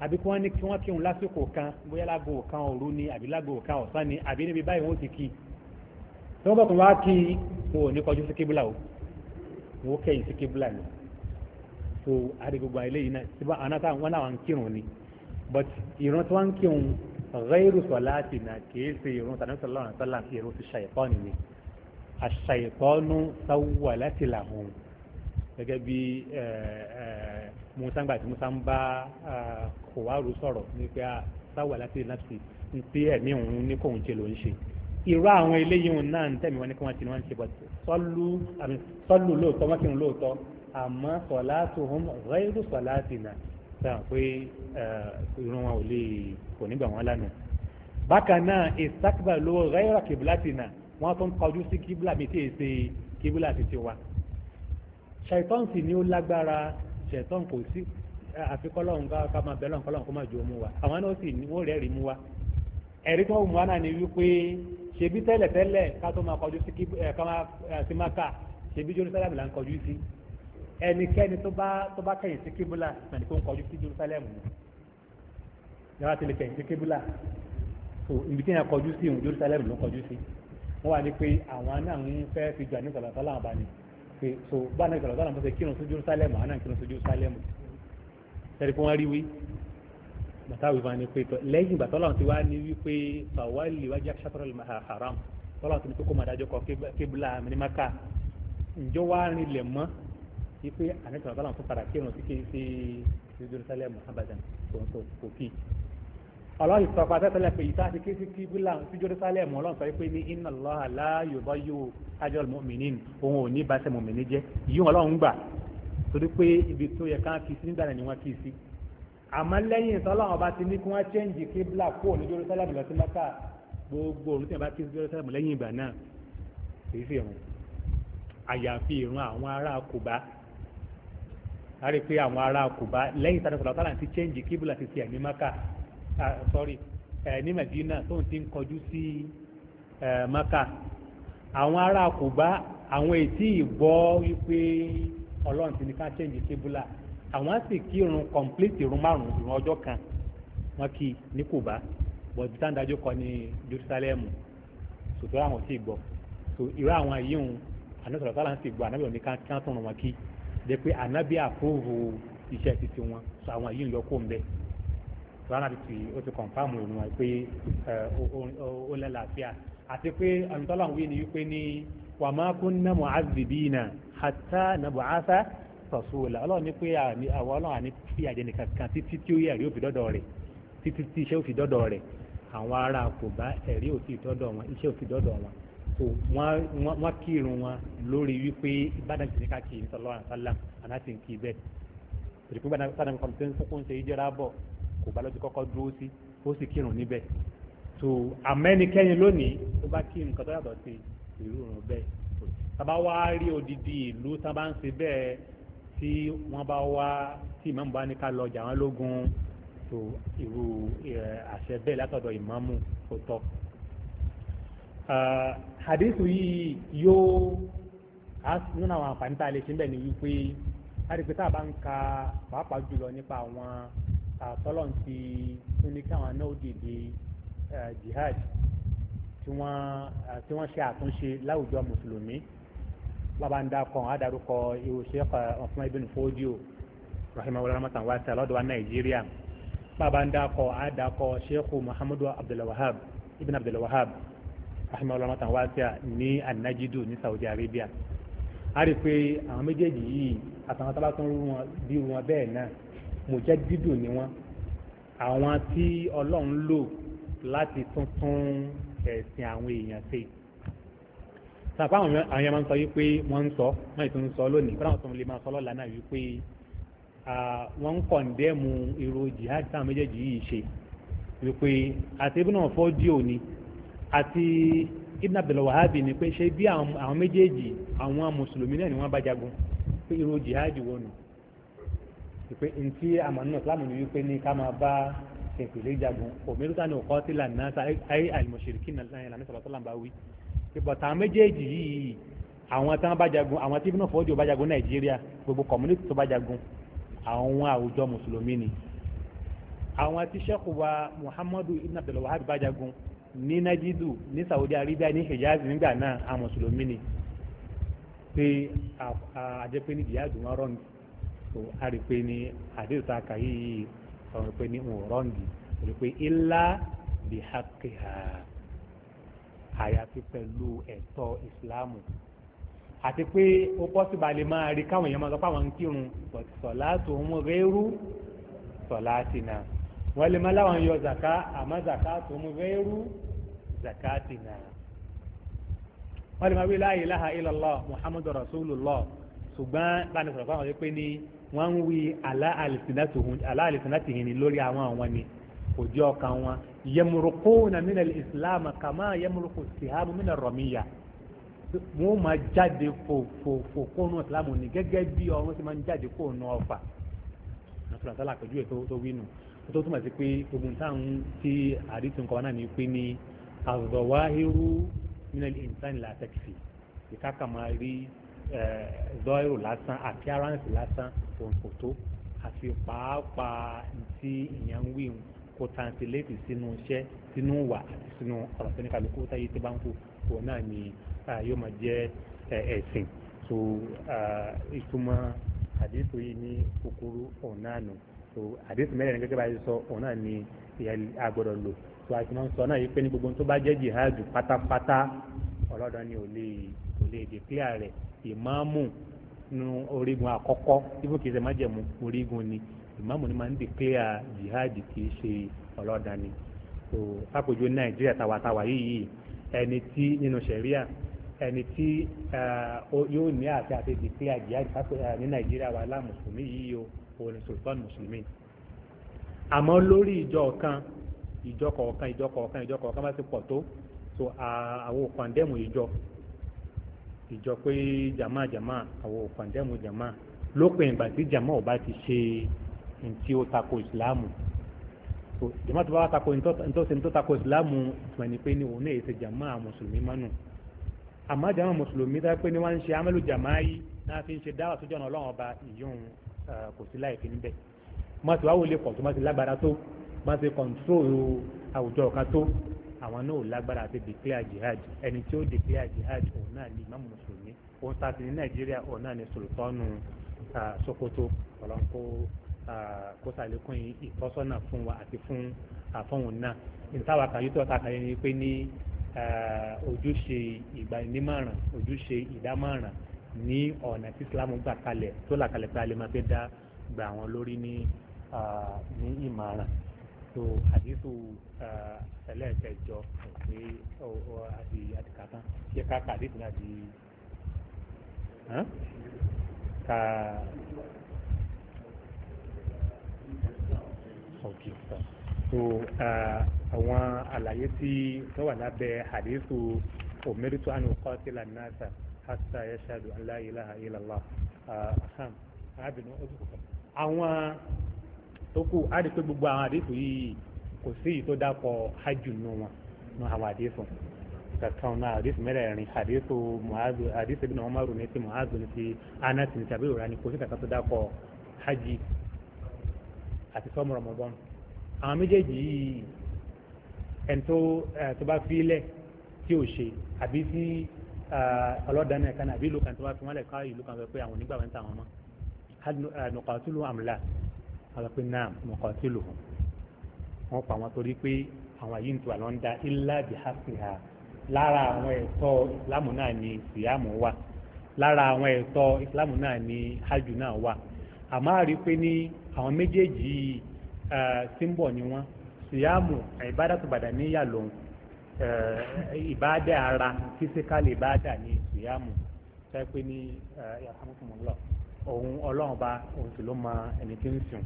àbí kí wọ́n ní kí wọ́n kírun lásìkò kan bóyá lágbo kan òru ni àbí lágbo kan ọ̀sán ni àbí níbi báyìí wọ́n ti kí tí wọ́n bọ̀ kàn wá kí o ò ní kọjú sí kíbúlà o wọ́n kẹ́yìn sí kíbúlà ni so àti gbogbo àìlè yìí náà síbá àwọn náà wọn náà ń kírun ni but ìran tí wọ́n ń kírun ghayru salati na kìí ṣe ìrun tàbí sallallahu alaihi wasallam ìrun ti ṣàyẹ̀tọ́ nìyẹn àṣàyẹ̀tọ́nú sáwùwà láti làwọn gẹ́gẹ́ bí eh, eh, Musa ń gbà tí Musa ń bá ah, kò wá rò sọ̀rọ̀ ní pé a ah, sáwà láti láti ní pé ẹ̀mí òun ní kò ń ṣe ló ń ṣe irú àwọn eléyìí òun náà ń tẹ̀mí wọn ní kí wọ́n ti ní wọ́n ṣe bọ̀ sọ́lù àmì sọ́lù lóòótọ́ wọ́n kì í lóòótọ́ àmọ́ sọ̀lá tó hùn rẹ́rù sọ̀lá ti nà sàn pé eh, irun wọn ò lè kò ní gbà wọ́n lánàá bákan náà ìsákìbà ló rẹ́rù kìbìlà ti nà wọ́n tún kọjú sí kìbìlà mi tí èsè kìbìlà ti ti wa ṣàìtọ́ǹsì ni ó lágbára ṣàìtọ́ǹ kò sí àfikọ́lọ́hún ká máa bẹ́ẹ̀ lọ́hún kọ́lọ́hún kó máa jò mú wa àwọn náà sì wọ́n rẹ́ẹ̀rí mú wa ẹ̀rí tó mú wa ni wípé ṣebí tẹ́lẹ̀ tẹ́lẹ̀ ká tó máa kọjú sí maka ṣebí Jerusalem là ń kọjú sí ẹnikẹ́ni tó bá tó bá kẹ̀yìn sí kíbúlà nàní kó ń kọjú sí Jerusalem ni yàrá ti lè kẹ̀yìn sí kíbúlà so ibi tí yẹn kọjú sí òun Jerusalem ló kọjú sí wọ́n wà ní pé àwọn náà ń fẹ́ fi jù àníkọ̀lọ́tọ́ làwọn bá ní so bá àníkọ̀lọ́tọ́ làwọn bá ṣe kírun sí Jerusalem àwọn náà kírun sí Jerusalem tẹ́lẹ̀ pé wọ́n rí wí bàtà wíwá ni pé lẹ́yìn bàtà ọlọ́run ti wá ní wípé fàwálì wájú aṣáfẹ́rẹ́ haram ọlọ́run ti ní kókó màdájọ́ kọ kébìlà mínímákà ǹjọ́ wá rinlẹ̀ mọ́ wípé àníkàn bàtà ọlọ́run tó padà kírun sí kéèké jerusalem abadan kò kí ọlọ́run ìsọ pa tẹ́tẹ́lẹ̀ pé ìta àti kéèké kébìlà sí jerusalem ọlọ́run sọ pé ní inna Allaha la yubayyu ajral mu'minin òun ò ní bá torí pé ibi tó yẹ ká kí sí nígbà ni wọ́n kí sí àmọ́ lẹ́yìn ìsọ́lá wọn bá ti ní kí wọ́n chẹ́ǹjì kíbla kó ní Jerusalem lọ sí Mẹ́kà gbogbo òun tí wọ́n bá kí sí Jerusalem lẹ́yìn ìgbà náà kì í sì rùn àyàfi ìrun àwọn ará Kùbá a rí i pé àwọn ará Kùbá lẹ́yìn ìsọ́lá wọn tààlà ti chẹ́ǹjì kíbla ti ti ẹ̀mí Mẹ́kà sọ́rí ẹ̀ní Mẹ́dínà tóun ti ń kọjú sí Mẹ́kà àwọn ará Kùbá àwọn ètí ìgbọ́ wípé ọlọ́run ti ní ká change kébùlà àwọn á sì kírun complete irun márùn irun ọjọ́ kan wọn kì í ní Kùbá bọ̀dù tá à ń dájú kọ ní Jerusalem sòtò àwọn tí ì gbọ́ so irú àwọn yìí ń ànábì sọ̀rọ̀ sálà ń sì gbọ́ ànábì òní ká kí wọ́n tún ràn kí jẹ́ pé ànábì àpòrò iṣẹ́ títí wọn so àwọn yìí ń yọ kó ń bẹ́ẹ̀ rárá ti o ti kọ̀nfàmù ìrìn wọn pé ó lẹ́làáfíà àti pé àmì tọ́lá ń wí ni wípé ní wàmákún náà hata nàbùhásà sọ̀sùwòlà ọlọ́run ní pé àwọn awọn àní fi àjẹnì kankan títí tí ó yẹ ẹ̀rí òfin dọ́dọ̀ rẹ̀ títí tí iṣẹ́ òfin dọ́dọ̀ rẹ̀ àwọn ará kò bá ẹ̀rí òfin dọ́dọ̀ wọn iṣẹ́ òfin dọ́dọ̀ wọn kirun kírun wọn lórí wípé ìbàdàn ti ní ká ń kí pé kan tó so lónìí ó bá kírun yàtọ̀ sí tábà wá rí odidi ìlú tábà ń ṣe bẹ́ẹ̀ tí wọ́n bá wá tí ìmáàmù bá ní ká lọ jà wọ́n lógun tó irú àṣẹ bẹ́ẹ̀ látọ̀dọ̀ ìmáàmù tó tọ́. hadith yìí yóò nínú àwọn àǹfààní tá a lè ṣe ń ni wípé láti pé tá a bá ń ka pàápàá jùlọ nípa àwọn àtọ́lọ́n ti tún ní káwọn náà dìde jihad tí wọ́n ṣe àtúnṣe láwùjọ mùsùlùmí bàbá ń dakọ̀ á darúkọ ìwò Sheikh Usman ibn Fodio rahimahullah rahmatan wasi'a lọ́dọ̀ wa Nàìjíríà bàbá ń dakọ̀ á dakọ̀ Muhammadu Abdul Wahhab ibn Abdul Wahhab rahimahullah rahmatan wasi'a ní anajidu ní Saudi Arabia a rí i pé àwọn méjèèjì yìí àtàwọn tábà tó ń rú wọn bí wọn bẹ́ẹ̀ náà mùjẹ́dídù ni wọ́n àwọn tí Ọlọ́run lò láti tuntun ẹ̀sìn àwọn èèyàn ṣe sàpá àwọn èèyàn máa ń sọ wípé wọ́n ń sọ wọ́n ètò ń sọ lónìí kọ́dà wọn tó lè máa sọ lọ́la náà wípé wọ́n ń kọ̀ǹdẹ́mù irú jihad táwọn méjèèjì yìí ṣe wípé àti ibùdó náà fọ́jú òní àti ibùdó Abdul Wahhab ni pé ṣé bí àwọn méjèèjì àwọn mùsùlùmí náà ni wọ́n bá jagun pé irú jihad wo nù pé ntí àmàlù náà islam ni wípé ní ká máa bá ìpìlẹ̀ jagun òmìnirúta ni òkọ́ ìbọ̀tà méjèèjì yìí àwọn tán bá jagun àwọn tí Ibn Fodio bá jagun Nàìjíríà gbogbo community tó bá jagun àwọn àwùjọ mùsùlùmí ni àwọn tí sẹ́kù wa Muhammadu Ibn Abdul Wahab bá jagun ní Najidu ní Saudi Arabia ní Hijaz nígbà náà àwọn mùsùlùmí ni pé àjẹpẹ́ ní jihadu wọn rọ́ǹgì so a rí pé ní àdéhùn tá a kà yìí ọ̀rọ̀ pé ní òun rọ́ǹgì rí pé ilá bí hakiha àyàfi pẹ̀lú ẹ̀tọ́ ìsìláàmù àti pé ó bọ́ sí balẹ̀ máa rí káwọn èèyàn máa sọ fáwọn ń kírun sọ̀lá tó ń rẹ́rú sọ̀lá ti nà wọ́n lè má láwọn yọ zàká àmọ́ zàká tó ń rẹ́rú zàká ti nà wọ́n lè má wí la ilaha illallah muhammadu rasulullah ṣùgbọ́n báni sọ̀rọ̀ fáwọn pé ní wọ́n ń wí alá àlìsínátìhìn lórí àwọn àwọn ni kò jẹ́ ọkàn wọn yẹmurukuna mina islam kama yẹmuruku sihabu mina rọmíya wọn máa jáde fòfòfò kónú islam ní gẹ́gẹ́ bí ọrùn ti máa ń jáde kónú ọfà nàfúlà sálà àpèjúwe tó wínú tó túmọ̀ sí pé ogun táwọn tí àdìsí nǹkan náà ní pé ní àzọwáhírú mina ìnsánì látẹkìfì ìkáka máa rí zọ́ọ̀rù lásán appearance lásán òǹkòtó àti pàápàá ti ìyẹn ń wí kó tàǹtìléètì sínú iṣẹ́ sínú wà àti sínú ọ̀rọ̀ tó ní kálukú táyé tó bá ń kú òun náà ni yóò máa jẹ́ ẹ̀sìn so ìtumọ̀ àdéhùn yìí ní kúkúrú òun náà nù so àdéhùn mẹ́rin gẹ́gẹ́ bá yẹ sọ òun náà ni a gbọ́dọ̀ lò so àti máa ń sọ náà yìí pé ní gbogbo tó bá jẹ́ jihad pátápátá ọlọ́dọ̀ ni ò lè dèkílà rẹ̀ ìmáàmù nu orígun àkọ́kọ́ ibùkún ìṣẹ̀májẹ̀mú orígun ni ìmáàmù ni máa ń declare jihad kì í ṣe ọlọ́dàn ni so fàpèjọ nàìjíríà tàwátàwá yìí ẹni tí nínú sẹ̀ríà ẹni tí eh, yóò ní àti àti declare jihad eh, ní nàìjíríà wà lá mùsùlùmí yìí o òun ni sultan mùsùlùmí àmọ́ lórí ìjọ kan ìjọ kọ̀ọ̀kan ìjọ kọ̀ọ̀kan ìjọ kọ̀ọ̀kan bá ti pọ̀ tó so àwọn kọ̀ǹdẹ́mù ìjọ ìjọ pé jama jama àwọn kọ̀ǹdẹ́mù jama lópin ìgbà tí jama ò bá ti ṣe ntí ó tako ìsìláàmù so jama tó bá wà tako ntọ́sí ntọ́ tako ìsìláàmù tuma ni pé ni òun náà yẹ ṣe jama mùsùlùmí mánu àmọ́ jama mùsùlùmí tá pé ni wọ́n ń ṣe amẹ́lú jama yìí náà fi ń ṣe dáwà sójú ọ̀nà ọlọ́run ọba ìyóhun kò sí láì fi níbẹ̀ má ti wá wọlé pọ̀ tó má ti lágbára tó má ti kọ̀ǹtróòlù àwùjọ kan tó àwọn náà ò lágbára àti declare jihad ẹni tí ó declare jihad òun náà ni ìmáàmù mùsùlùmí òun sáà ti ní nàìjíríà òun náà ni sòlùtọ́nù Sokoto ọ̀làǹkó kó sàlékún ìtọ́sọ́nà fún wa àti fún àfọ̀hún náà ìtawà kan yìí tó ọ̀tá kan yẹn ni pé ní ojúṣe ìgbaninímọ̀ràn ojúṣe ìdámọ̀ràn ní ọ̀nà tí Islam gbà kalẹ̀ tó là kalẹ̀ pé a lè máa fẹ́ dá gbà wọn lórí ní ní ìmọ̀ràn tó àdínkù ẹlẹ́ẹ̀kẹjọ pé àti àtìkàtàn yẹ ká kà àdínkù náà di. forgive them so uh, àwọn àlàyé tí tó wà lábẹ́ àdéhùn omeritu anu kọ́tìlá nasa hasa yashadu an la ilaha illallah ham uh, abinu ojúkọ àwọn tó kù á rí i pé gbogbo àwọn àdéhùn yìí kò sí èyí tó dápọ̀ hajj nù wọn nù àwọn àdéhùn kankan náà àdéhùn mẹ́rẹ̀ẹ̀rin àdéhùn muhazu àdéhùn ibi na wọn máa rò ní ti muhazu ní ti anas ní ti abiru rani kò sí kankan tó hajj àti sọ́mu Ramadan àwọn méjèèjì yìí ẹni tó tó bá fi lẹ̀ tí ò ṣe àbí tí ọlọ́dàáni ẹ̀ka náà àbí ìlú kan tó bá fi wọ́n lẹ̀ ká ìlú kan fẹ́ pé àwọn onígbà ń ta àwọn mọ́ nùkàtúlù àmìlà àwọn pé náà nùkàtúlù wọn pa wọn torí pé àwọn yìí ń tu àlọ́ ń da ilá bìhásìhà lára àwọn ẹ̀tọ́ ìsìlámù náà ni ìsìyàmù wà lára àwọn ẹ̀tọ́ ìsìlámù náà ni hajj náà wà àmọ́ àrí pé ní àwọn méjèèjì símbọ̀ ni wọ́n síyáàmù ìbádà tó bàdà níyà lòun ìbádà ara físíkàlì ìbádà ni síyáàmù fẹ́ pé ní ìyàtọ̀mọ́tòmọ́lọ́ òun ọlọ́run bá òun sì ló mọ ẹni tí ń sùn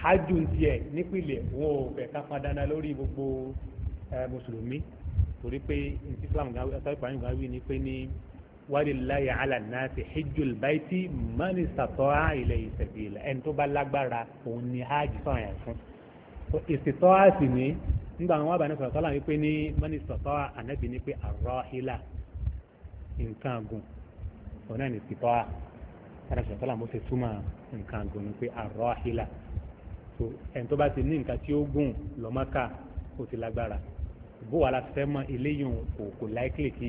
hajj tiẹ̀ nípìnlẹ̀ wọn ò fẹ́ ká lórí gbogbo mùsùlùmí torí pé ní islam gan wí ni pé ní walillahi ala nasi hijjul baiti man istata'a ilayhi sabila ẹni tó bá lágbára òun ni hajj sọ̀rọ̀ yẹn fún ìsìtọ́ àti ní nígbà àwọn àbáni sọ̀rọ̀ tọ́lá wípé ní man istata'a ànábì ní pé arrahila nǹkan gùn òun náà ní ìsìtọ́ à àdáni sọ̀rọ̀ tọ́lá mo ṣe túmọ̀ nǹkan gùn ní pé arrahila so ẹni tó bá ti ní nǹkan tí ó gùn lọ́mọ́ká ó ti lágbára bó wàá la fẹ́ mọ eléyìí kò kò láìkìlì kí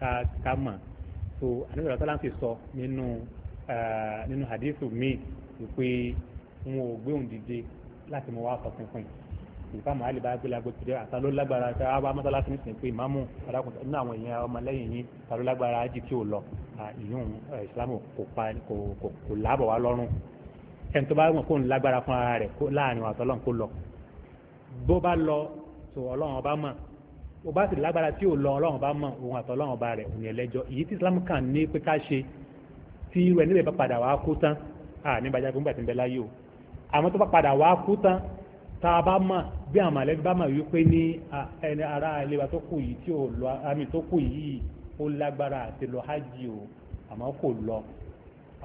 ká ká mọ̀ so ànábì sallallahu alaihi wasallam ti sọ nínú nínú hadithu míì wípé wọn ò gbé òun dìde láti mọ wá sọ pínpín ìfá màálì bá gbélé agbo tìrẹ àtàló lágbára ṣe àwọn bá mọ́tàlá fi ń sìn pé ìmáàmù alákùn nínú àwọn èèyàn ọmọlẹ́yìn yín tàló lágbára ájì tí ò lọ ìyún ìsìlámù kò pa kò láàbọ̀ wá lọ́rùn ẹni tó bá mọ̀ kó ń lágbára fún ara rẹ̀ láàrin àtọ́lọ́n kó lọ bó bá lọ tó ọlọ́run ọba mọ̀ o bá sì lágbára tí ò lọ ọlọ́run bá mọ̀ òun àtọ́ ọlọ́run bá rẹ̀ òun ẹlẹ́jọ́ èyí tí islam kàn ní pé ká ṣe tí irú ẹni bẹ́ẹ̀ bá padà wàá kú tán à ní bàjá fún gbàtí ń bẹ láyé o àmọ́ tó bá padà wàá kú tán tá a bá mọ̀ bí àwọn mọ̀lẹ́bí bá mọ̀ wípé ní ẹni ara ìlera tó kù yìí tí ò lọ àmì tó kù yìí ó lágbára àti lọ hajj o àmọ́ kò lọ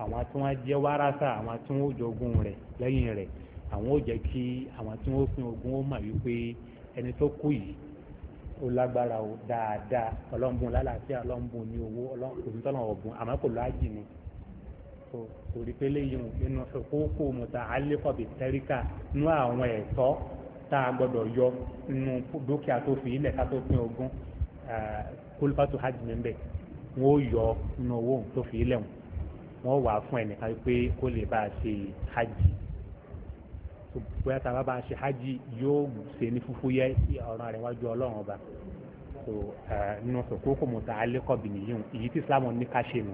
àwọn tí wọ́n jẹ́ wárásà àwọn tí wọ́n jogun rẹ̀ lẹ́yìn rẹ̀ àwọn ò jẹ́ kí àwọn tí wọ́n pín ogun ó mọ̀ wípé ẹni tó kù yìí ó lágbára o dáadáa ọlọ́mbùn lálàáfíà ọlọ́mbùn ní owó ọlọ́mbùn tọ́nà ọ̀bùn àmọ́ kò lọ ájì ni tó torí pé léyìn inú ìkókò mọ̀tà alẹ́kọ̀bì tẹ́ríkà nú àwọn ẹ̀tọ́ tá a gbọ́dọ̀ yọ nínú dúkìá tó fi ilẹ̀ ká tó pín ogún kólífàtò hajj níbẹ̀ wọ́n ó yọ nínú owó tó fi ilẹ̀ wọ́n wà fún ẹnìkan pé kó lè bá a ṣe hajj bóyá tá a bá bá ṣe hajj yóò ṣe ní fúfú yẹ sí ọ̀ràn rẹ̀ wájú ọlọ́run ọba so nínú sòkókò mọ̀tà alẹ́kọ̀ọ́ bìnnì yìí èyí tí islam ní ká ṣe nù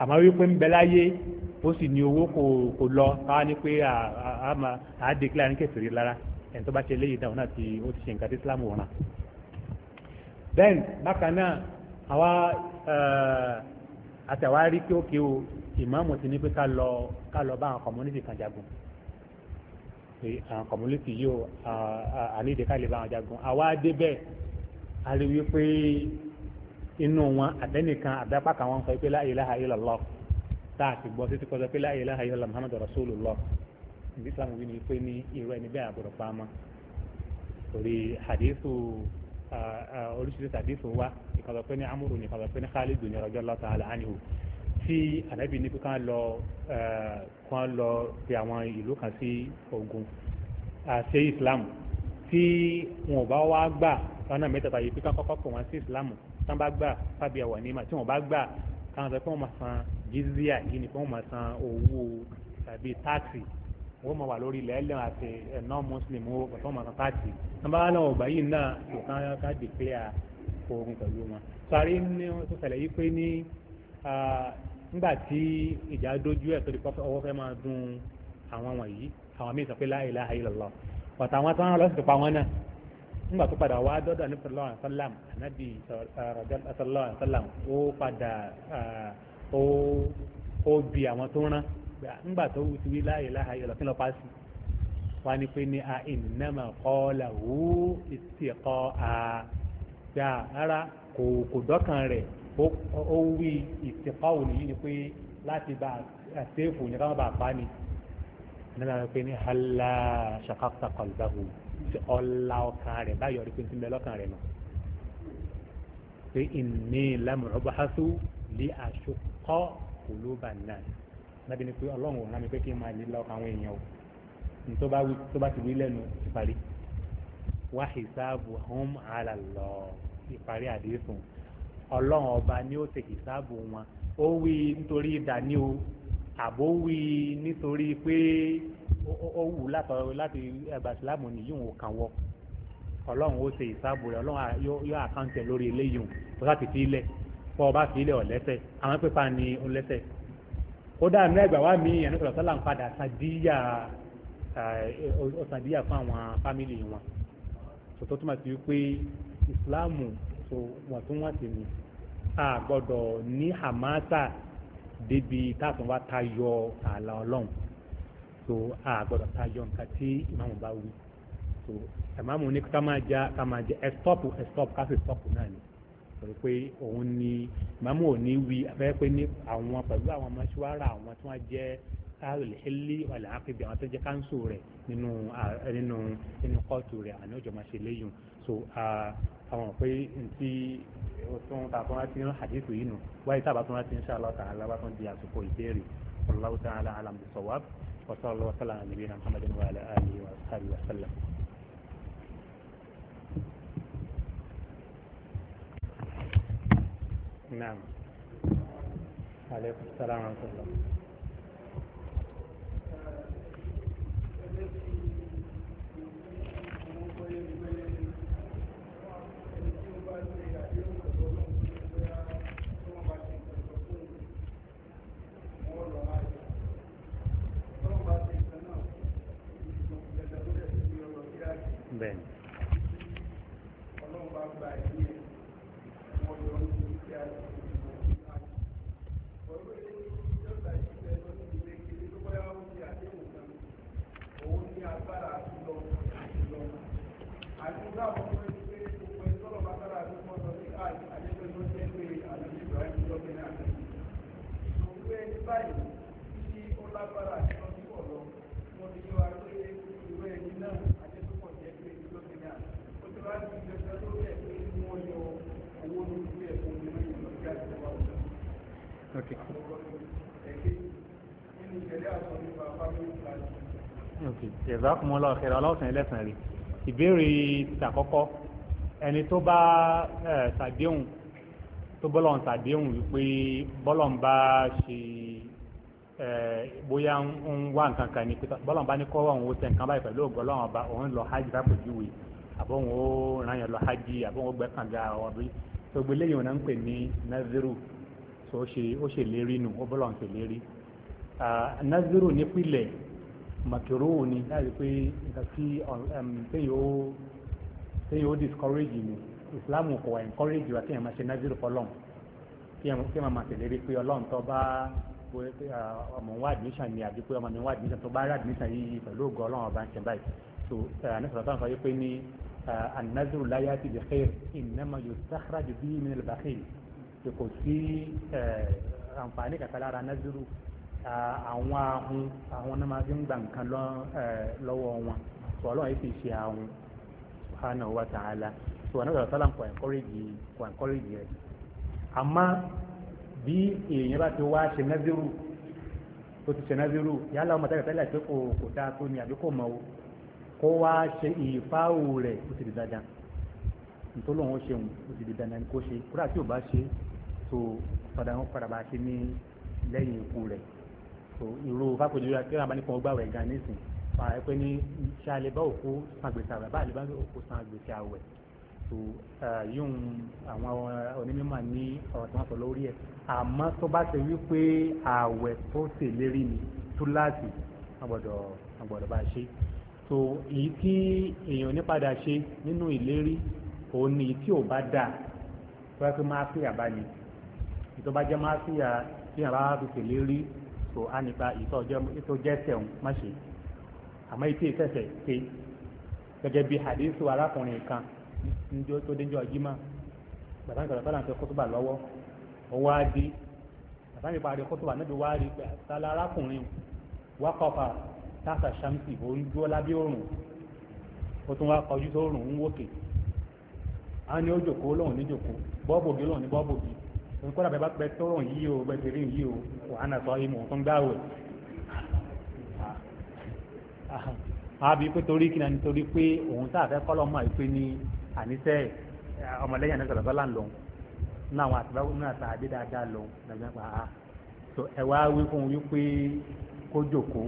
àmọ́ wípé ń bẹ láyé ó sì ní owó kò kò lọ káwá ní pé àá déclare ní kẹfìrí lára ẹni tó bá ṣe léyìí dáhùn náà ti ó ti ṣe nǹkan tí islam wọ̀ràn then bákan náà àwa àtàwárí kí ó kí o ìmáàmù ti ní pé ká lọ ká lọ bá àwọn community kan jagun pé àwọn community yóò àníìdíkà lè bá wọn jagun àwa dé bẹ́ẹ̀ a rí wípé inú wọn àtẹnìkan àdápá kan wọn sọ pé la ilaha illallah tá a ti gbọ́ títí kọjá pé la ilaha illallah muhammadu rasulullah ní islam wí ni pé ní irú ẹni bẹ́ẹ̀ àbúrò pa mọ́ torí hadithu oríṣiríṣi hadithu wa ìkàlọ́ pé ní amúrù ní ìkàlọ́ pé ní khalidu ní radiyallahu ta'ala anhu tí ànábì ní pé kán lọ kán lọ pe àwọn ìlú kan sí ogun àṣẹ islam tí wọn ò bá wá gbà lọ́nà mẹ́tẹ̀ẹ̀ta yìí pé kọ́kọ́ pọ̀ wọ́n sí islam tán bá gbà fábíà wà ní ìmọ̀ tí wọn bá gbà kán sọ pé wọ́n máa san jizya yìí ni pé wọ́n máa san owó tàbí táàkì wọ́n máa wà lórí ilẹ̀ ẹlẹ́wọ̀n àti non-muslim wọ́n pẹ̀lú ọmọ kan táàkì tán bá lọ́wọ́ ọgbà yìí náà kò kán ká declare ogun pẹ̀lú wọn. sáré nígbà tí ìjà dojú ẹ̀ tó di pọ́fẹ́ ọwọ́ fẹ́ máa dun àwọn wọ̀nyí àwọn míì sọ pé la ilaha illallah ọ̀tà àwọn tán lọ́sìn tó pa wọn náà nígbà tó padà wá dọ́dọ̀ ànábì sallallahu alaihi wasallam ànábì sallallahu alaihi wasallam ó padà ó bi àwọn tó rán nígbà tó ti wí la ilaha kí ló pa sí wá ní pé ní a innama qalahu istiqa'a gbà rárá kò dọ́kàn rẹ̀ ó wí ìtìpáwò nìyí ni pé láti bá àtẹ́fù ní káwọn bá pa ni nínú àwọn pé ní hàlá ṣàkàtà kọlbáhù ti ọlá ọkàn rẹ̀ báyọ̀ rí pé ti bẹ lọ́kàn rẹ̀ nù pé ìní lámùrọ̀ bá hásù lé àṣokọ́ kòlóbà náà lábí ni pé ọlọ́run ò rán pé kí n máa lè lọ́kàn àwọn èèyàn o tó tó bá ti wí lẹ́nu ìparí wá hisabu hum ìparí àdéhùn ọlọ́run ọba ni ó ṣe wọn ó wí nítorí dání o àbó wí nítorí pé ó wù láti ẹgbà síláàmù nìyí òun kàn wọ ọlọ́run ó ṣe rẹ ọlọ́run yóò àkáǹtẹ̀ lórí eléyìí o tó láti fi ilẹ̀ fọ ọba fi ilẹ̀ ọ̀lẹ́sẹ̀ àwọn pépà ni ó lẹ́sẹ̀ ní ẹgbà wá mi ẹni sọ̀rọ̀ sọ́là ń padà sadíyà ọ̀sàdíyà fún àwọn fámìlì wọn túmọ̀ sí wípé ìsìláàmù so wọ́n tún wọ́n sì ní a gbọ́dọ̀ ní hamasa débi táàtún wá tayọ ààlà ọlọ́run so a gbọ́dọ̀ tayọ nǹkan tí ìmáàmù bá wí so ìmáàmù ní ká máa já ká máa jẹ ẹ stọọpù ẹ stọọpù ká sì stọọpù náà ni sọ pé òun ni ìmáàmù ò ní wí afẹ́fẹ́ pé ní àwọn pẹ̀lú àwọn ọmọ ṣúwárà àwọn tí wọ́n jẹ́ alihili wàlẹ̀ àpèbí àwọn tó jẹ́ káńsù rẹ̀ nínú nínú nínú kóòtù rẹ̀ àná ìjọba ṣe léyìn so àwọn pé ntí tún tàbọn láti ń hadith yìí nù wáyé tàbá tún láti ń ṣe aláta alábá di àsìkò ìbéèrè wallahu ta'ala alam bisawab wa sallallahu wa sallam ala nabiyina muhammadin wa ala alihi wa sahbihi wa sallam. naam aleykum salaam wa rahmatulah. Thank you. bẹ́ẹ̀ ọlọ́run bá gba ìdí ẹ̀ wọ́n yọ ní ìdí àti ok. ok jazakumullahu khairan ọlọ́sìn ẹlẹ́sìn rẹ̀ ìbéèrè tàkọ́kọ́ ẹni tó bá ṣàdéhùn tó bọ́lọ̀ ń ṣàdéhùn wípé bọ́lọ̀ ń bá ṣe bóyá ń wá nǹkan kan ní pé bọ́lọ̀ ń bá ní kọ́wọ́ òun ó tẹ nǹkan báyìí pẹ̀lú ògbọ́ ọba òun lọ hajj lápòjúwe àbọ̀ òun ó ràn yàn lọ hajj àbọ̀ òun ó gbẹ́kànga ọ̀bí tó gbé léyìn òun náà ń pè ní naziru so ó ṣe lérí nù ó bọ́lọ̀ ń ṣe lérí naziru nípìnlẹ̀ makiro ni láti pé nǹkan tí um, um, téyìn ó discourage ni islam kò wá encourage wa kéèyàn máa ṣe naziru fọlọ́n kéèyàn máa ṣe lérí pé ọlọ́run tó bá ọmọ wa admission ni àbí pé ọmọ mi wa admission tó bá rí admission yìí pẹ̀lú ògo ọlọ́run ọba ń ṣe báyìí so anisọ̀rọ̀ tó ń sọ yìí pé ní anaziru láyé àti bẹ̀kẹ́ ìnáma yóò sáhárà bí mi ní lè bàkẹ́ yìí pé kò sí àǹfààní kankan lára nàzírù àwọn ahun àwọn náà máa fi ń gba nǹkan lọ́wọ́ wọn sọ ọlọ́run yìí fi ṣe ahun subhanahu wa ta'ala sọ wọn náà sọ kò encourage kò encourage rẹ àmọ́ bí èèyàn bá ti wá ṣe nàzírù ó ti ṣe nàzírù yálà ọmọ tẹ́lẹ̀ tẹ́lẹ̀ pé kò kò dáa tó ni àbí kò mọ̀ o kó wá ṣe ìfáwò rẹ̀ ó ti di dandan nítorí òun ṣe òun ó ti di dandan kó ṣe kúrò àti ò bá ṣe é so padà ń padà bá ṣe ní lẹ́yìn ikú rẹ̀ so ìró fàkójú rẹ̀ kíra bá ní kan gbà wẹ̀ gan nísìn pàrọ̀ pé ní ṣe alẹ́ bá òkú san gbèsè àwẹ̀ bá alẹ́ bá òkú san gbèsè àwẹ̀ so yóò àwọn onímọ̀ ní ọ̀rọ̀ tí wọ́n sọ lórí ẹ̀ àmọ́ tó bá ṣe wípé àwẹ̀ tó ṣèlérí ni túláàsì wọ́n gbọ́dọ̀ wọ́n gbọ́dọ̀ bá ṣe so èyí tí èèyàn ní ṣe nínú ìlérí òun ni èyí tí ò bá dáa tó fi máa fi àbá ìtọ́ba jẹ́ máa sí ya tí yàrá fi tèlé rí tó á nípa ìtọ́ jẹ́ sẹ̀wọ̀n má ṣe àmọ́ ìtì ìfẹsẹ̀ ṣe gẹ́gẹ́ bí hadithu arákùnrin kan níjọ́ tó déjọ́ jimá bàbá mi kọ̀ọ̀tà náà kótóbà lọ́wọ́ ó wá bàbá kótóbà wá rí pé àtàlà arákùnrin tásà ó ń dúró lábẹ́ òrùn nkọ́ra bẹ́ẹ̀ bá pẹ́ tọ́rọ̀ yìí o bẹ́ẹ̀ tẹ̀lé yìí o wà á nà sọ imú tó ń gbáwẹ̀. àbí pé torí kí ni torí pé òun tá a fẹ́ kọ́lọ́ mọ́ àìpé ní àníṣe ọmọlẹ́yìn àti sọ̀rọ̀ bọ́lá ń lọ ní àwọn àtibáwò náà ta àdé dáadáa lọ nàìjíríà pa á so ẹ wá fún un wípé kó jòkó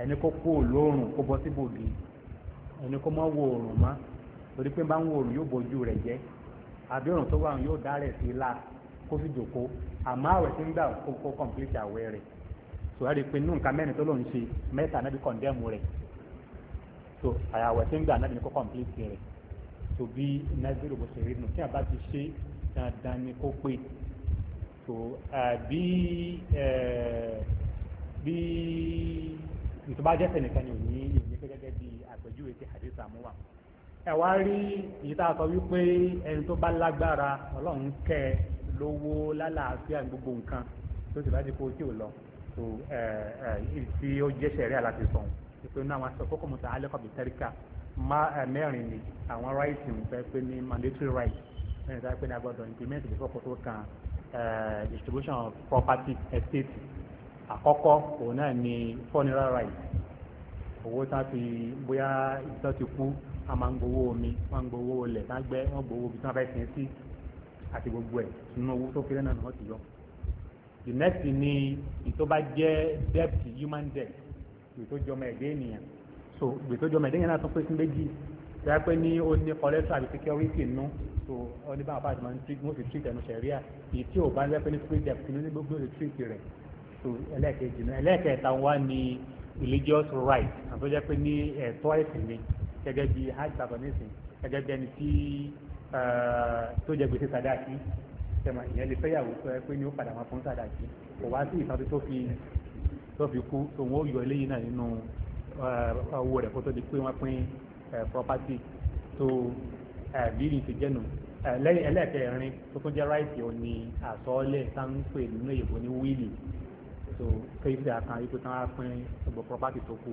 ẹni kó kó olóòrùn kó wo òòrùn mọ́ torí pé bá ń wo òòrùn yóò bójú rẹ̀ jẹ́ àbíọ̀rùn tó wà yóò dárẹ̀ sí i la kó fi jòkó àmọ́ àwẹ̀ tí ń gbà kó kọ̀m̀plíìtì àwẹ̀ rẹ̀ tó a rí i pé nínú nǹkan mẹ́rin tó lòún ṣe mẹ́ta náà bí kọ̀ǹdẹ́mù rẹ̀ tó àyàwẹ̀ tí ń gbà náà bí kó kọ̀m̀plíìtì rẹ̀ tó bí nàìjíríà bó ṣe rí nù tí a ti ṣe dandan ni kó pé tó àbí bí ìtọ́bájẹ́sẹ̀ nìkan ni ò ní gẹ́gẹ́ bí àpèjúwe ti àdéhùn àmúwà ẹ wá rí èyí tá a sọ wípé ẹni tó bá lágbára ọlọ́run kẹ́ ẹ lówó lálàáfíà gbogbo nǹkan tó sì bá ti kó o tí ò lọ tó ẹ ẹ tí ó jẹ́ sẹ̀rí aláti sọ̀n ìpinnu náà wọn sọ kókò mọ́tò alẹ́kọ̀ọ́ tẹ́ríkà mẹ́rin ni àwọn rights ń fẹ́ pé ní mandatory rights ẹni tá a pè ní agbọ́dọ̀ implement before kó tó kan distribution of property estate àkọ́kọ́ òun náà ni funeral rights owó tá a fi bóyá ìtọ́ ti kú wọ́n máa ń gbowó omi wọ́n ń gbowó ilẹ̀ bá gbẹ́ wọ́n gbowó ibi tí wọ́n fẹ́ sin sí àti gbogbo ẹ̀ nínú owó tó kéré náà ni wọ́n ti yọ. the next ni ìtọ́ bá jẹ́ debt human debt ìtọ́jọmọ ẹ̀dẹ́ ènìyàn so ìtọ́jọmọ ẹ̀dẹ́ ènìyàn náà tún pé sí méjì tẹ́ pé ní ó ní collection àti security nú so ó ní báwọn báyìí máa ń treat mo fi treat ẹnu sẹ̀ríà èyí tí ò bá ń lẹ́pẹ́ ní free debt ní ní gbogbo treat rẹ̀ so ẹlẹ́ẹ̀kejì religious right àti ó jẹ́ pé ní ẹ̀tọ́ ẹ̀sìn gẹ́gẹ́ bí hajj bàbá nísìn gẹ́gẹ́ bí ẹni tí tó jẹ gbèsè sàdáàkì tẹmọ ìyẹn lè fẹ́yàwó tó ẹ pé ní ó padà máa fún sàdáàkì kò wá sí ìtàn tó fi tó fi kú òun ó yọ eléyìí náà nínú owó rẹ̀ kó tó di pé wọ́n pín property tó bíi ti jẹ́nu lẹ́yìn ẹlẹ́ẹ̀kẹrin tó tún jẹ́ ráìtì ò ní àsọ́ọ́lẹ̀ sáńpẹ̀ nínú èyí ní wíìlì tó kéyìí àkàn yìí pé tán á pín gbogbo property tó kù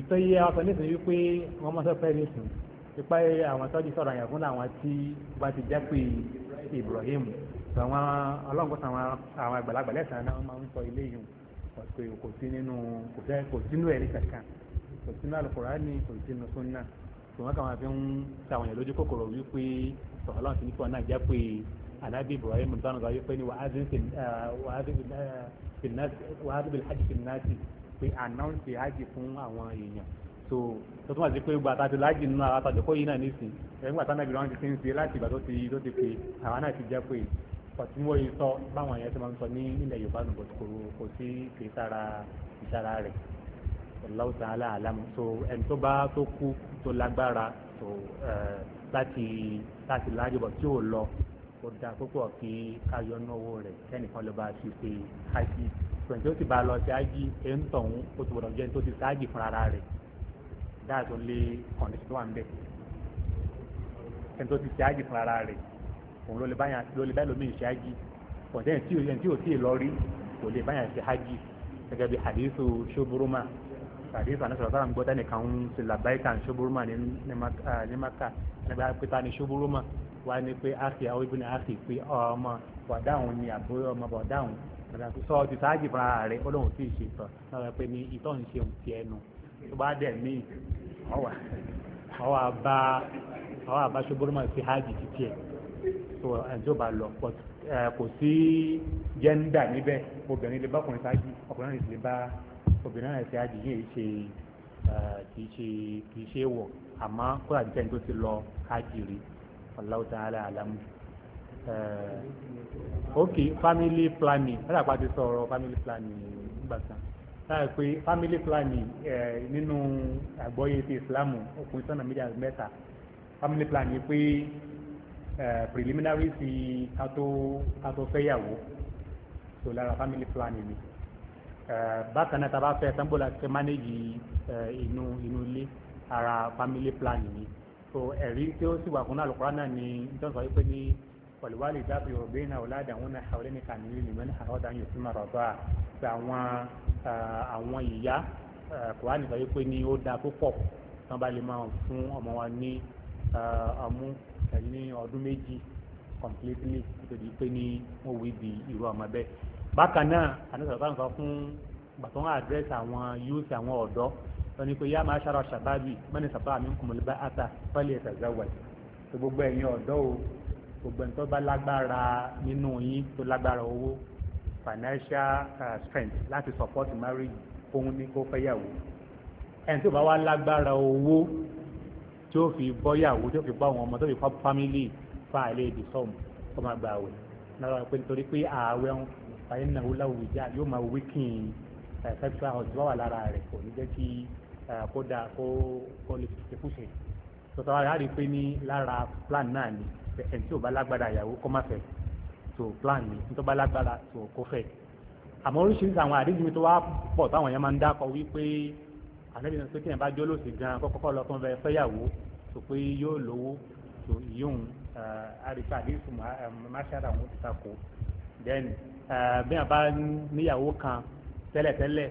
ìtọ́ yẹ aṣọ nísìnyí wípé wọ́n mọ́ sọ́pẹ́ nísìn ipa àwọn tọ́jú sọ̀rọ̀ àyàn fún àwọn tí wọ́n ti jẹ́ pé Ibrahim àwọn ọlọ́run sọ àwọn àgbàlagbà lẹ́sàn-án náà máa ń sọ ilé yìí pé kò sí nínú kò sínú ẹ̀rí kankan kò sínú Al-Kùránì kò sínú súnà ṣùgbọ́n káwọn fi ń ṣàwọn èèyàn lójú kòkòrò wípé sọ̀rọ̀ láti ní kí wọn náà jẹ́ pé anabi Ibrahim tánù sọ wípé ni wàá dín sí náà sí náà sí pé announce hajj fún àwọn èèyàn so tó túmọ̀ sí pé gbà tá a ti láàjì nínú ara tàbí kó yìí náà nísìn ẹgbẹ́ àtàwọn ẹgbẹ́ wọn ti ti ń ṣe láti ìgbà tó ti tó ti pè àwọn náà ti jẹ́ pé pọ̀tùmọ̀ yìí sọ báwọn yẹn ti máa ń sọ ní ilẹ̀ Yorùbá nù kò kò sí kì sára ìsára rẹ̀ Allahu ta'ala alam so ẹni tó bá tó kú tó lágbára so láti láti láàjì bọ̀ tí ò lọ ó dáa púpọ̀ kí ká yọ náwó rẹ̀ kẹ́nìkan ló bá ṣe pé hajj pẹ̀ntì ó ti bá a lọ sí ájì èyí ń tọ̀hún ó ti gbọdọ̀ jẹ́ tó ti sáájì fúnra rẹ̀ dáa tó lé kọ̀ǹdíṣìn tó wà ń bẹ̀ ẹni tó ti ṣáájì fún ara rẹ̀ òun ló lè báyà ló lè bá ẹlòmíì ṣáájì kọ̀ǹtẹ́ ẹni tí ò tí ì lọ rí kò lè báyà ṣe hájì gẹ́gẹ́ bí hadithu ṣoboroma hadithu anasọ̀rọ̀ sábà ń gbọ́ tẹ́nì kan ń ṣe làbáyìkà ń ṣoboroma ní maka nígbà pé ta ni ṣoboroma wá ní pé àdàtú sọ ọtí sáájì fúnra rẹ ó lóun sì ṣe tọ náà rẹ pé ní ìtọ́ ń ṣe òun ti ẹnu tó bá dẹ̀ mí ọwà ọwà bá ọwà bá ṣogbórímọ̀ sí hajj títí ẹ̀ tó ẹ̀jọ́ bá lọ kò sí jẹ́ńdà níbẹ̀ obìnrin lè bá ọkùnrin sáájì ọkùnrin lè bá obìnrin náà sí hajj yìí ṣe kìí ṣe kìí ṣe wọ̀ àmọ́ kó àdìsẹ́ni tó ti lọ hajj rí Allahu ta'ala alamu ok family planning ẹ̀rọ àpàtì sọ̀rọ̀ family planning nígbà kan láì pé family planning nínú àgbọ́yé ti ìsìlámù òkùnrin sọ́nà méjì àti mẹ́ta family planning pé preliminary sí kátó fẹ́yàwó so lára family planning ni bákan náà tàbá fẹ́ tán bóla ṣe mánéjì inú inú ilé ara family planning ni so ẹ̀rí tí ó sì wà fún al náà ni nítorí sọ wípé ní. والوالدات يربين أولادهن حوالين حاملين لمن أراد أن يتم الرضاعة فأوان àwọn ìyá kùránì sọ wípé ní ó dáa púpọ̀ tán bá lè máa fún ọmọ wa ní ọmú ní ọdún méjì completely nítorí pé ní wọ́n wí di irú ọmọ bẹ́ẹ̀. bákan náà àdúgbò sọ̀rọ̀ sọ̀rọ̀ fún gbàtọ́ wọn address àwọn youth àwọn ọ̀dọ́ wọn ni pé yá máa ṣàrọ̀ ṣàbábì mẹ́ni sàbá mi ń kùmọ̀lẹ́ àtà fẹ́lẹ̀ ẹ̀sẹ̀ zẹ́wẹ̀ gbogbo ẹ̀yin ọ̀dọ́ o gbogbo ẹni tó bá lágbára nínú yín tó lágbára owó financial uh, strength láti support marriage òun ni kó fẹ́yàwó ẹni tó bá wá lágbára owó tí ó fi bọ́yàwó tí ó fi bọ́ àwọn ọmọ tó fi kọ́ family fa àìlè èdè sọ́ọ̀mù kó máa gba àwẹ̀ lọ́wọ́ pé nítorí pé ààwẹ̀ ń fàyè náà láwùjọ ìjà yóò máa wíkìn uh, sexual health wà lára rẹ̀ kò ní jẹ́ kí uh, kó kó lè fi ṣe fúnṣe tọ́tọ́ àárí pé ní lára plan náà ni ẹni tí o bá lágbára ìyàwó kọ́ má fẹ́ tó plan mi ní tó bá lágbára tó kó fẹ́ àmọ́ oríṣiríṣi àwọn àdéhùn tó wá pọ̀ táwọn èèyàn máa ń dákọ̀ wípé àlẹ́bí náà pé kí èèyàn bá jó lòsì gan kọ́kọ́ lọ fún fẹ́yàwó tó pé yóò lówó tó yóò àríkà àdéhùn máṣára àwọn ti takò then bí wọn bá níyàwó kan tẹ́lẹ̀tẹ́lẹ̀